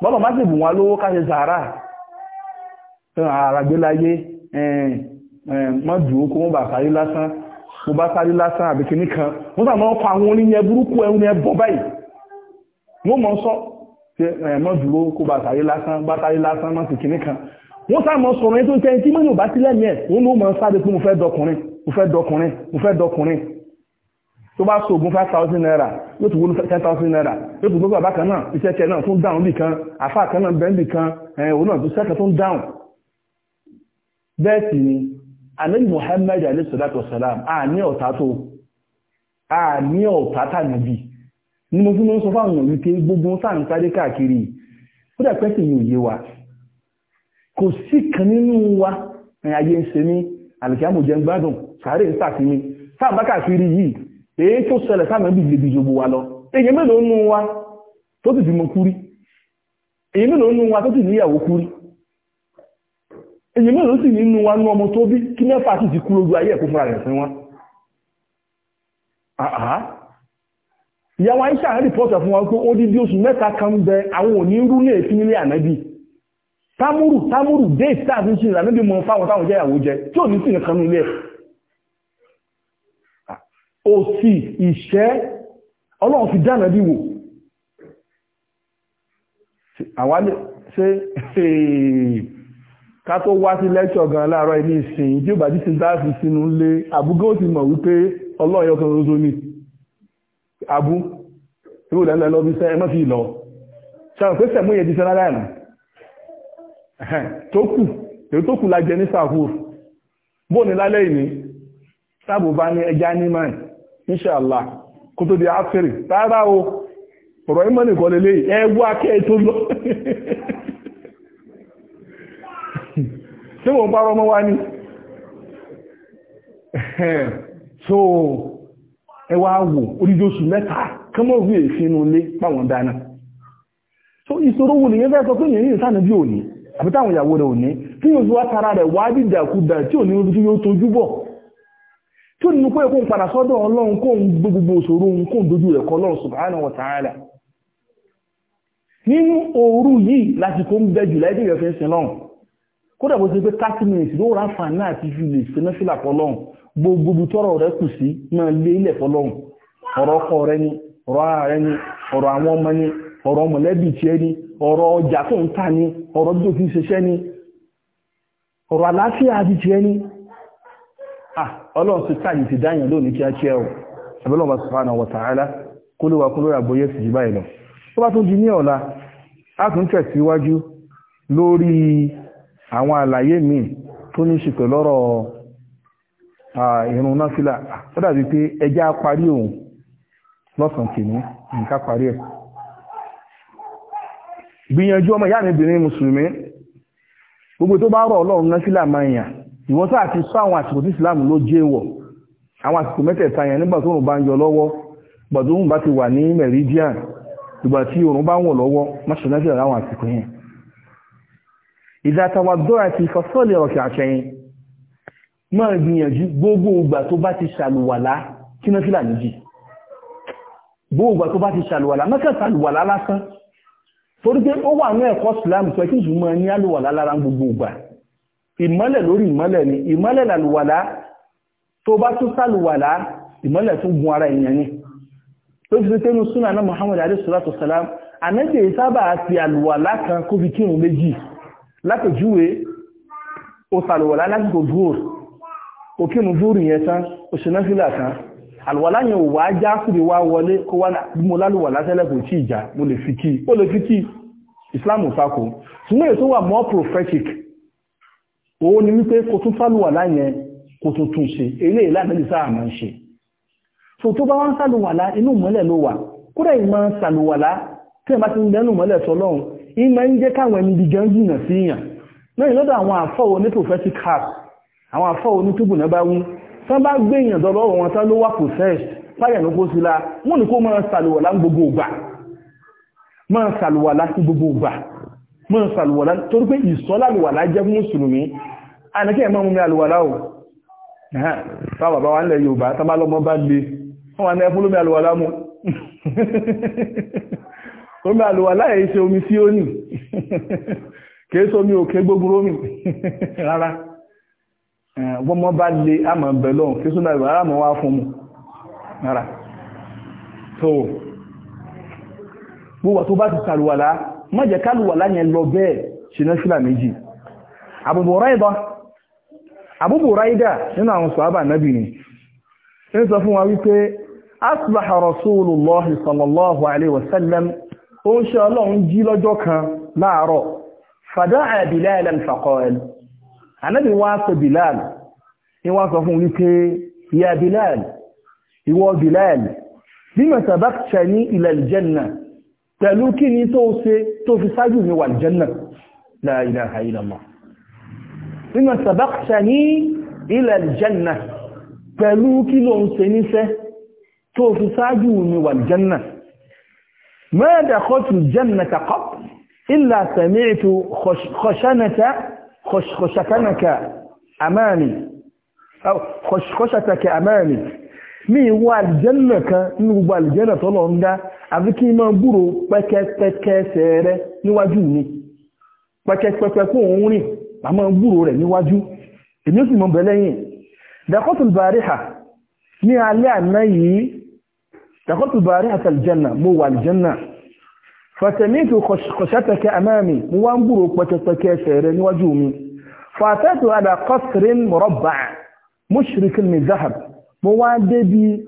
bọ́lọ̀ má sì bù wọn lówó káṣe sàárà àràgbélayé mọ́jú okòó bàtàrí lásán mo bá sáré lásán àbí kìíní kan wọ́n sàmọ́ ọkọ̀ àwọn oníyẹn burúkú ẹ̀hún ẹ̀ bọ̀ báyìí wọ́n mọ̀ sọ ṣe ẹ̀mọ́ dúró kó bá sáré lásán bá sáré lásán má sì kìíní kan wọ́n sàmọ́ sọ̀rọ̀ ẹni tó ń tẹ́yìn tí mọ́nì ò bá sí lẹ́mìí ẹ̀ wọ́n ló mọ̀ sáré pé mo fẹ́ dọkùnrin mo fẹ́ dọkùnrin mo fẹ́ dọkùnrin tó bá ṣògùn five thousand naira yóò tún wọ́n ten thousand naira yóò tún gbogbo àbá kan náà iṣẹ́ tẹ náà tún dáhùn bì kan àfa kan náà bẹ́ẹ̀ bì kan òun náà tún sẹ́kẹ̀ tún dáhùn bẹ́ẹ̀ sì ni ànábì Muhammad alayhi salatu wasalam àní ọ̀tá tó àní ọ̀tá tànàbì ni mo fi mọ́ sọ fáwọn wípé gbogbo sáà ń sáré káàkiri ó dà pẹ́sì yìí òye wa kò sí kan nínú wa ayé ń ṣe ní alìkíyàmù jẹ́ gbádùn sàárè ń sàfihàn sáà bá káàkiri yìí èyí tó ṣẹlẹ̀ sáàmì bí ibi ìjọba wa èyí mẹ́rin sì nínú wa ní ọmọ tó bí kí mẹ́fà sì ti kú lójú ayé ẹ̀kú fúnra rẹ̀ sí wọn ìyàwó Aisha ń rìpọ́tẹ̀ fún wa pé ó dídí oṣù mẹ́ta kan bẹ àwọn òní rú ní èéfín nílé ànábì tamuru tamuru déètì tààfin ṣe ànábì mọ fáwọn táwọn jẹ́ ìyàwó jẹ tí ò ní sí nìkan nílé òsì ìṣẹ́ ọlọ́run fi dá ànábì wò àwálẹ̀ ṣe ká tó wá sí lẹ́kṣọ̀ gan láàárọ̀ ilé ìsìn tí ó bá jí sí dáàfin sínú lé àbúgbó ti mọ̀ wípé ọlọ́ọ̀yọ́ kan lóso ni abú ìwò ìdánilẹ́ lọ bí sẹ́ ẹ mọ́ fi lọ ṣàrùn pé sẹ̀mú yẹn ti sẹ́ rárá nù tó kù èyí tó kù la jẹ ní sàhùr bó ní lálẹ́ ìní sáàbù bá ní ẹja ní mine inṣàlá kó tó di áfẹ́rì rárá o ọ̀rọ̀ ìmọ̀ nìkan lélẹ́yìn ẹ wá kẹ́ ẹ tó lọ tí wọ́n pàrọ mọ́ wá ní so so ìṣòro wù nìyẹn fẹ́ sọ yẹn ní ìsànà bí òní ìyàwó rẹ̀ òní tí yóò wá tara rẹ̀ wá tí ò ní orí tí yóò tójú bọ̀ tí ò nínú padà sọ́dọ̀ ọlọ́run kó ń gbogbo kó ń dojú rẹ̀ kọ́ nínú yìí ń jù kódà bó ti pé thirty minutes ló rà fàn náà ti fi lè gbogbo tọrọ rẹ kù sí máa lé ilẹ̀ ọkọ rẹ ni ọ̀rọ̀ ara rẹ ni ọ̀rọ̀ àwọn ọmọ ni ọ̀rọ̀ mọ̀lẹ́bí tiẹ̀ ni ọ̀rọ̀ ọjà tó ń ni ọ̀rọ̀ bí o ṣiṣẹ́ ni ọ̀rọ̀ àlàáfíà ni ọlọ́run ti ti dáyàn lónìí kíákíá o àwọn àlàyé mi tó ní ṣe pẹ̀lú ọ̀rọ̀ ìrun náfìlà ó dàbí pé ẹjá parí òun lọ́sàn kìíní nǹkan parí ẹ̀ gbìyànjú ọmọ ìyá mi bìnrin mùsùlùmí gbogbo tó bá rọ̀ ọlọ́run náfìlà máa yàn ìwọ́n sáà ti sọ àwọn àsìkò tí ìsìláàmù ló jẹ́ wọ̀ àwọn àsìkò mẹ́tẹ̀ẹ̀ta yẹn nígbà tó òun bá ń yọ lọ́wọ́ gbàdúrùn bá ti wà ní meridian ìgbà tí òun bá ń wọ̀ lọ́wọ́ máṣe náfìlà láwọn àsìkò yẹn ìdátawàdọ́ràtì fọ́sọ́lì ọ̀kẹ́ àṣẹyìn máa gbìyànjú gbogbo ìgbà tó bá ti ṣàlùwàlá kí náà fílà méjì gbogbo ìgbà tó bá ti ṣàlùwàlá mẹ́kẹ́ ṣàlùwàlá lásán torí pé ó wà ní ẹ̀kọ́ sùlámù pé kí n máa ní àlùwàlá lára gbogbo ìgbà ìmọ́lẹ̀ lórí ìmọ́lẹ̀ ni ìmọ́lẹ̀ làlùwàlá tó bá tún ṣàlùwàlá ìmọ́lẹ̀ tún gun ara èèyàn ni tó fi tẹ́nu salatu salam àmẹ́sẹ̀ ìsábà àti àlùwàlá kan kó fi látòjúwe ó sàlùwàlá lásìkò zúrù òkínú zúrù yẹn tán òṣìná sílẹ̀ kan àlùwàlá yẹn ò wá já síbi wá wọlé kó wá mo lálùwàlá tẹ́lẹ̀ kò tí ìjà mo lè fi kí ó lè fi kí Islam ò takò èso wà more prophetic òun ni wípé kò tún sálùwàlá yẹn kò tún tún ṣe eléyìí láti sáà máa ń ṣe so tó bá wá ń sàlùwàlá inú mọ́lẹ̀ ló wà kúrẹ̀ ìmọ̀ sàlùwàlá tí ẹ̀ bá ti ń bẹ́nu mọ́lẹ̀ sọlọ́run in ma ń jẹ́ káwọn ẹni dìjọ ń jìnà sí yàn lẹ́yìn lọ́dọ̀ àwọn àfọ́wọ́ ní prophetic heart àwọn àfọ́wọ́ ní túbù náà bá wú tán bá gbé èèyàn dọ́rọ̀ wọn tán ló wà process fáyẹ̀ ní kó sí la wọ́n ní kó máa sàlùwọ̀lá gbogbo ògbà máa sàlùwọ̀lá sí gbogbo ògbà máa sàlùwọ̀lá torí pé ìsọ́lálùwàlá jẹ́ fún mùsùlùmí àníkẹ́ ẹ̀ máa mú mi àlùwàlá o báwa bá wà nílẹ̀ Yorùbá tán bá lọ́mọ bá le wọ́n wà ní ẹfún omi àlùwàlá yìí ṣe omi tí ó nì kìí ṣe omi òkè gbógun rómì rárá wọ́n mọ́ bá lè àmọ̀ bẹ̀ lọ́n kìí ṣe àlùwàlá àmọ̀ wá fún mu rárá tó gbogbo tó bá ti ṣàlùwàlá má jẹ́ kálùwàlá yẹn lọ bẹ́ẹ̀ ṣe náà fìlà méjì àbùbù ráìdá àbùbù ráìdá nínú àwọn sọ̀hábà nábì ni ń sọ fún wa wípé asbaha rasulullahi sallallahu alaihi wasallam ó ń ṣe ọlọ́run jí lọ́jọ́ kan láàárọ̀ fàdáà Bilal faqal anábì wá sọ Bilal ni wọ́n sọ fún wípé ya Bilal ìwọ Bilal bima sabaqtani ila aljanna pẹ̀lú kí ni tó ṣe tó fi sáájú mi wà aljanna la ilaha illallah bima sabaqtani ila aljanna pẹ̀lú kí ló ń ṣe tó fi sáájú mi wà aljanna ما دخلت الجنة قط إلا سمعت خش خشنة خشخشتنك أمامي أو خشخشتك أمامي mi wà àlìjẹ́nà kan ní gbogbo àlìjẹ́nà tọ́lọ̀ ń dá àfi kí n máa gbúrò pẹ́kẹ́pẹ́kẹ́sẹ̀ rẹ níwájú mi pẹ́kẹ́pẹ́kẹ́ kó òun rìn a máa gbúrò rẹ̀ níwájú èmi ó sì mọ̀ bẹ́lẹ́yìn dakọ́tù bàríhà ní alẹ́ àná yìí دخلت بارعة الجنة مو الجنة فسمعت خشتك أمامي مو أنبرك وتتك شعرين وجومي فأتيت على قصر مربع مشرك من ذهب مو أدبي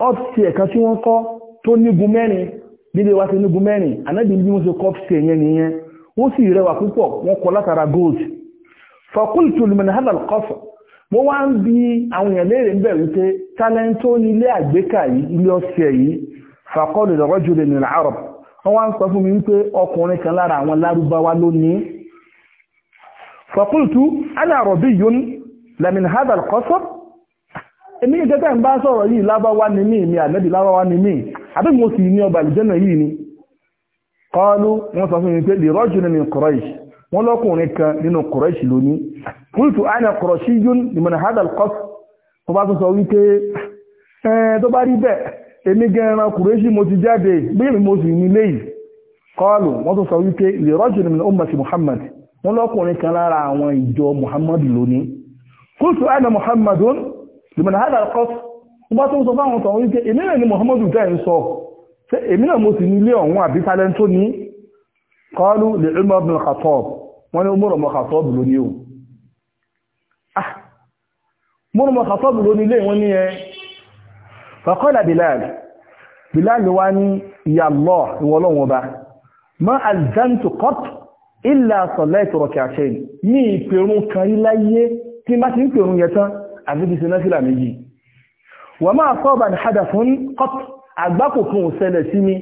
أبسي كتوانقا توني قماني bílé wá sí ní gúmẹ́rin anábì bí wọ́n ṣe kọ́ sí ẹ̀yẹn nìyẹn wọ́n sì rẹwà púpọ̀ wọ́n kọ́ látara gold fakultu liman hadal qasr mo wá ń bi àwọn èèyàn léèrè ń bẹ̀ wípé tálẹ́ńtò ní àgbékà yìí ilé ọ̀sẹ̀ yìí fàkọ́lù lọ́rọ́jù lè nìlà àrọ̀ wọ́n wá ń sọ fún mi wípé ọkùnrin kan lára àwọn lárúbáwá lónìí yón hadal kọ́sọ́ èmi ìjẹta ń bá sọ̀rọ̀ yìí lábáwá ni mí mi àlẹ́bí lábáwá ni mí àbí mo sì ní ọba ni wọ́n sọ fún wọ́n lọ́kùnrin kan nínú kọ̀rọ̀ṣì lónìí kúrùtù àìnà kọ̀rọ̀ṣì yún ìmọ̀nà hadal kọ́f tó bá tún sọ wípé ẹ̀ẹ́n tó bá rí bẹ́ẹ̀ èmi gẹ̀ẹ́ran kọ̀rọ̀ṣì mo ti jáde bíyẹ̀mí mo sì ní léyìí kọ́ọ̀lù wọ́n tún sọ wípé lè rọ́jù ní ummati muhammad wọ́n lọ́kùnrin kan lára àwọn ìjọ muhammad lónìí kúrùtù àìnà muhammadun ìmọ̀nà hadal tó bá sọ fáwọn kọlu lè Umar bin Khattab wọ́n ní Umar bin Khattab ló ní o ah Umar bin Khattab ló ní ilé wọn ní ẹ faqala Bilal Bilal wá ní ya Allah ìwọlọ́wọ́ bá ma alzantu qat illa sallaytu rak'atayn ní ìpèrún kan iláyé tí má ti ń pèrún yẹ tán àti bí sinásílà méjì wà máa sọ́ọ̀bà ní hadathun qat àgbákò kan ò ṣẹlẹ̀ sí mi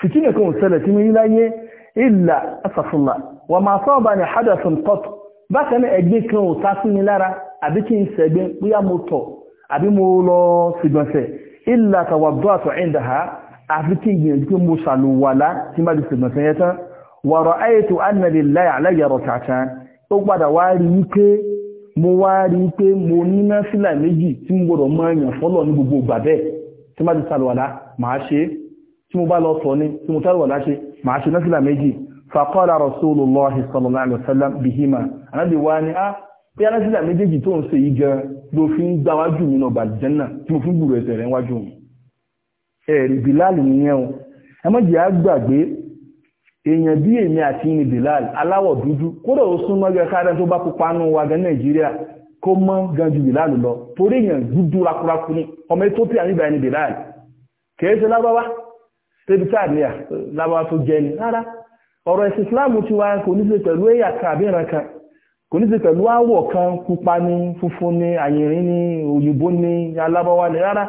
fìtínà kan ò ṣẹlẹ̀ sí mi iláyé ìlà asàfùnmà wà máa sọ́ọ̀bà ní hadathun kọ́tù bákan náà ẹgbẹ́ kan ò sá sí mi lára àbí kí n sẹ̀gbẹ́ bóyá mo tọ̀ àbí mo lọ sígbọ̀nsẹ̀ ìlà tàwàdọ́ àtọ̀ ìndàhà àfi kí n gbìyànjú pé mo ṣàlùwàlá tí má di sígbọ̀nsẹ̀ yẹn tán wa ra'aytu anna lillahi alayya rak'atan ó padà wá rí i pé mo wá rí i pé mo ní náfìlà méjì tí mo gbọ́dọ̀ máa yàn fọ́lọ̀ ní gbogbo ìgbà bẹ́ẹ̀ tí má di ṣàlùwàlá màá ṣe é tí mo bá lọ sọ ní tí mo tàbí wà láṣe máa ṣe náfílà méjì fàkọ́lá rasulullahi sallallahu alaihi wasallam bihima anábì wá ní á ah, bí a náfílà méjèèjì tó ń ṣe yí gan ló fi ń gbáwájú mi náà bàjẹ́nà tí mo fi ń gbùrù ẹsẹ̀ kó mọ́ gan ju lọ torí èèyàn dúdú rakuraku ni ọmọ ethiopia nígbà ẹni bìláàlì kèé lábáwá tẹ́bítà ni à lábá tó jẹ ní rárá ọ̀rọ̀ ẹ̀sìn islamu ti wá kò ní ṣe pẹ̀lú ẹ̀yà kan àbí ìran kan kò ní ṣe pẹ̀lú àwọ̀ kan pupa ní funfun ní àyìnrín ní òyìnbó ní alábáwá ní rárá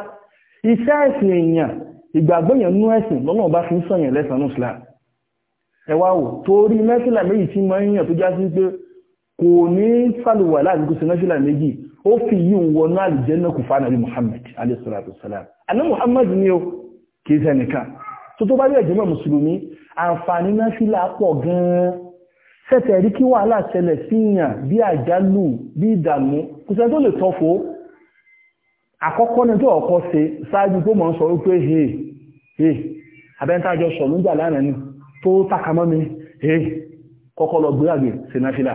iṣẹ́ ẹ̀sìn èèyàn ìgbàgbọ́ yẹn nú ẹ̀sìn lọ́nà bá fi ń sọ̀yàn lẹ́sàn-án islam ẹ wá wò torí mẹ́fìlà méjì tí mo ń yàn tó já sí pé kò ní sàlùwà láti kó sí méjì ó fi yí wọnú àlìjẹ́nà kò fánàbí muhammad alayhi salatu wasalam àná muhammad ni ó kì í sẹ́nìkan tó tó bá rí ẹ̀jẹ̀ mọ̀ mùsùlùmí àǹfààní náfìlà pọ̀ gan-an sẹ́tẹ̀ rí kí wàhálà ṣẹlẹ̀ síyàn bí àjálù bí ìdààmú kò sẹ́ni tó lè tọ́fò àkọ́kọ́ ni tó ọkọ́ ṣe ṣáájú tó mọ̀ ń sọ wípé he he abẹ́ntájọ sọ lóúnjà lánàá ni tó tàkàmọ́ mi he kọ́kọ́ lọ gbéyàgbé ṣe náfìlà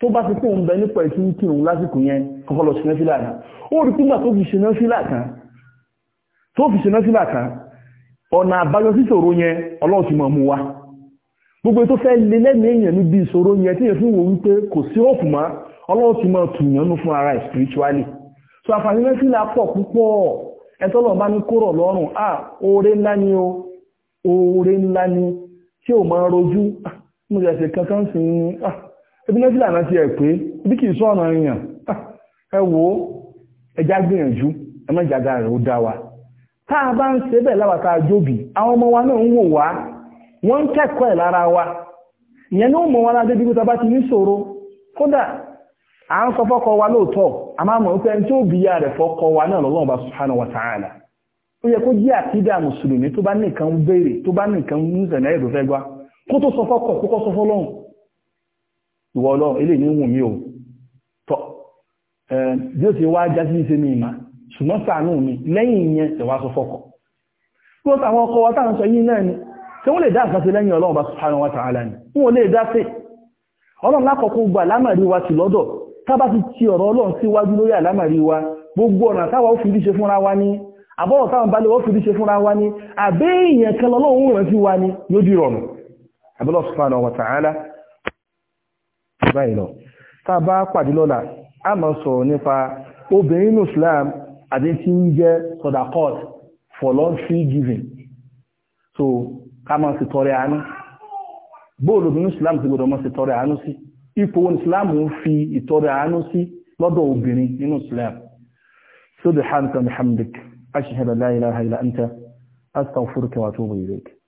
tó bá ti fún bẹ nípa ìtún kírun lásìkò yẹn kọ́kọ́ lọ ṣe náfìlà náà ó rí pígbà tó fi ṣe náfìlà kan tó fi ṣe náfìlà kan ọ na sí ìṣòro yẹn ọlọ́run mú wa gbogbo tó fẹ́ lé lẹ́nu èèyàn níbi ìṣòro yẹn tí èèyàn wò wípé kò sí òfù mọ́ fún ara spiritually so àǹfààní mẹ́sìlá pọ̀ púpọ̀ ẹ̀tọ́lọ̀ bá ní kóró lọ́rùn à oore ńlá ni o oore ńlá ni tí ò máa rojú mo kankan sí ní náà ti ẹ̀ pé bí kì í èèyàn ẹ wa taa ba bá ń ṣe bẹ́ẹ̀ lábàtà àwọn ọmọ wa náà ń wò wá wọ́n ń kẹ́kọ̀ọ́ ẹ̀ lára wa ìyẹn ní òmò wọn adébí tó bá ti ní kódà à ń sọ fọ́kọ wa lóòótọ́ àmọ́ àmọ́ pé ẹni tí ó ya rẹ̀ fọ́kọ wa náà lọ́wọ́ bá subhanahu wa ta'ala ó yẹ kó jẹ́ àkídà mùsùlùmí tó bá nìkan béèrè tó bá nìkan gbá kó ṣùgbọ́n ṣàánú mi lẹ́yìn yẹn tẹ̀wá sọ fọ́kọ̀ tí wọ́n tàwọn ọkọ̀ wátà ń sọ yìí náà ni tí wọ́n lè dá àkàtí lẹ́yìn ọlọ́run bá subhanahu wa ta'ala ni wọ́n lè dá ọlọ́run lákọ̀ọ́kọ́ gbà lámàrí wa sí lọ́dọ̀ tábà ti ti ọ̀rọ̀ ọlọ́run síwájú lórí obìnrin Islam àti tí ń jẹ́ sọ̀dàkọ́t for voluntary giving so ká máa sì tọrẹ àánú bóòlù obìnrin islam ti gbọdọ̀ máa sì tọrẹ àánú sí ipò wọn islam ń fi ìtọrẹ àánú sí lọ́dọ̀ obìnrin nínú islam subhanaka wa bihamdik ashhadu an la ilaha illa anta astaghfiruka wa atubu ilayk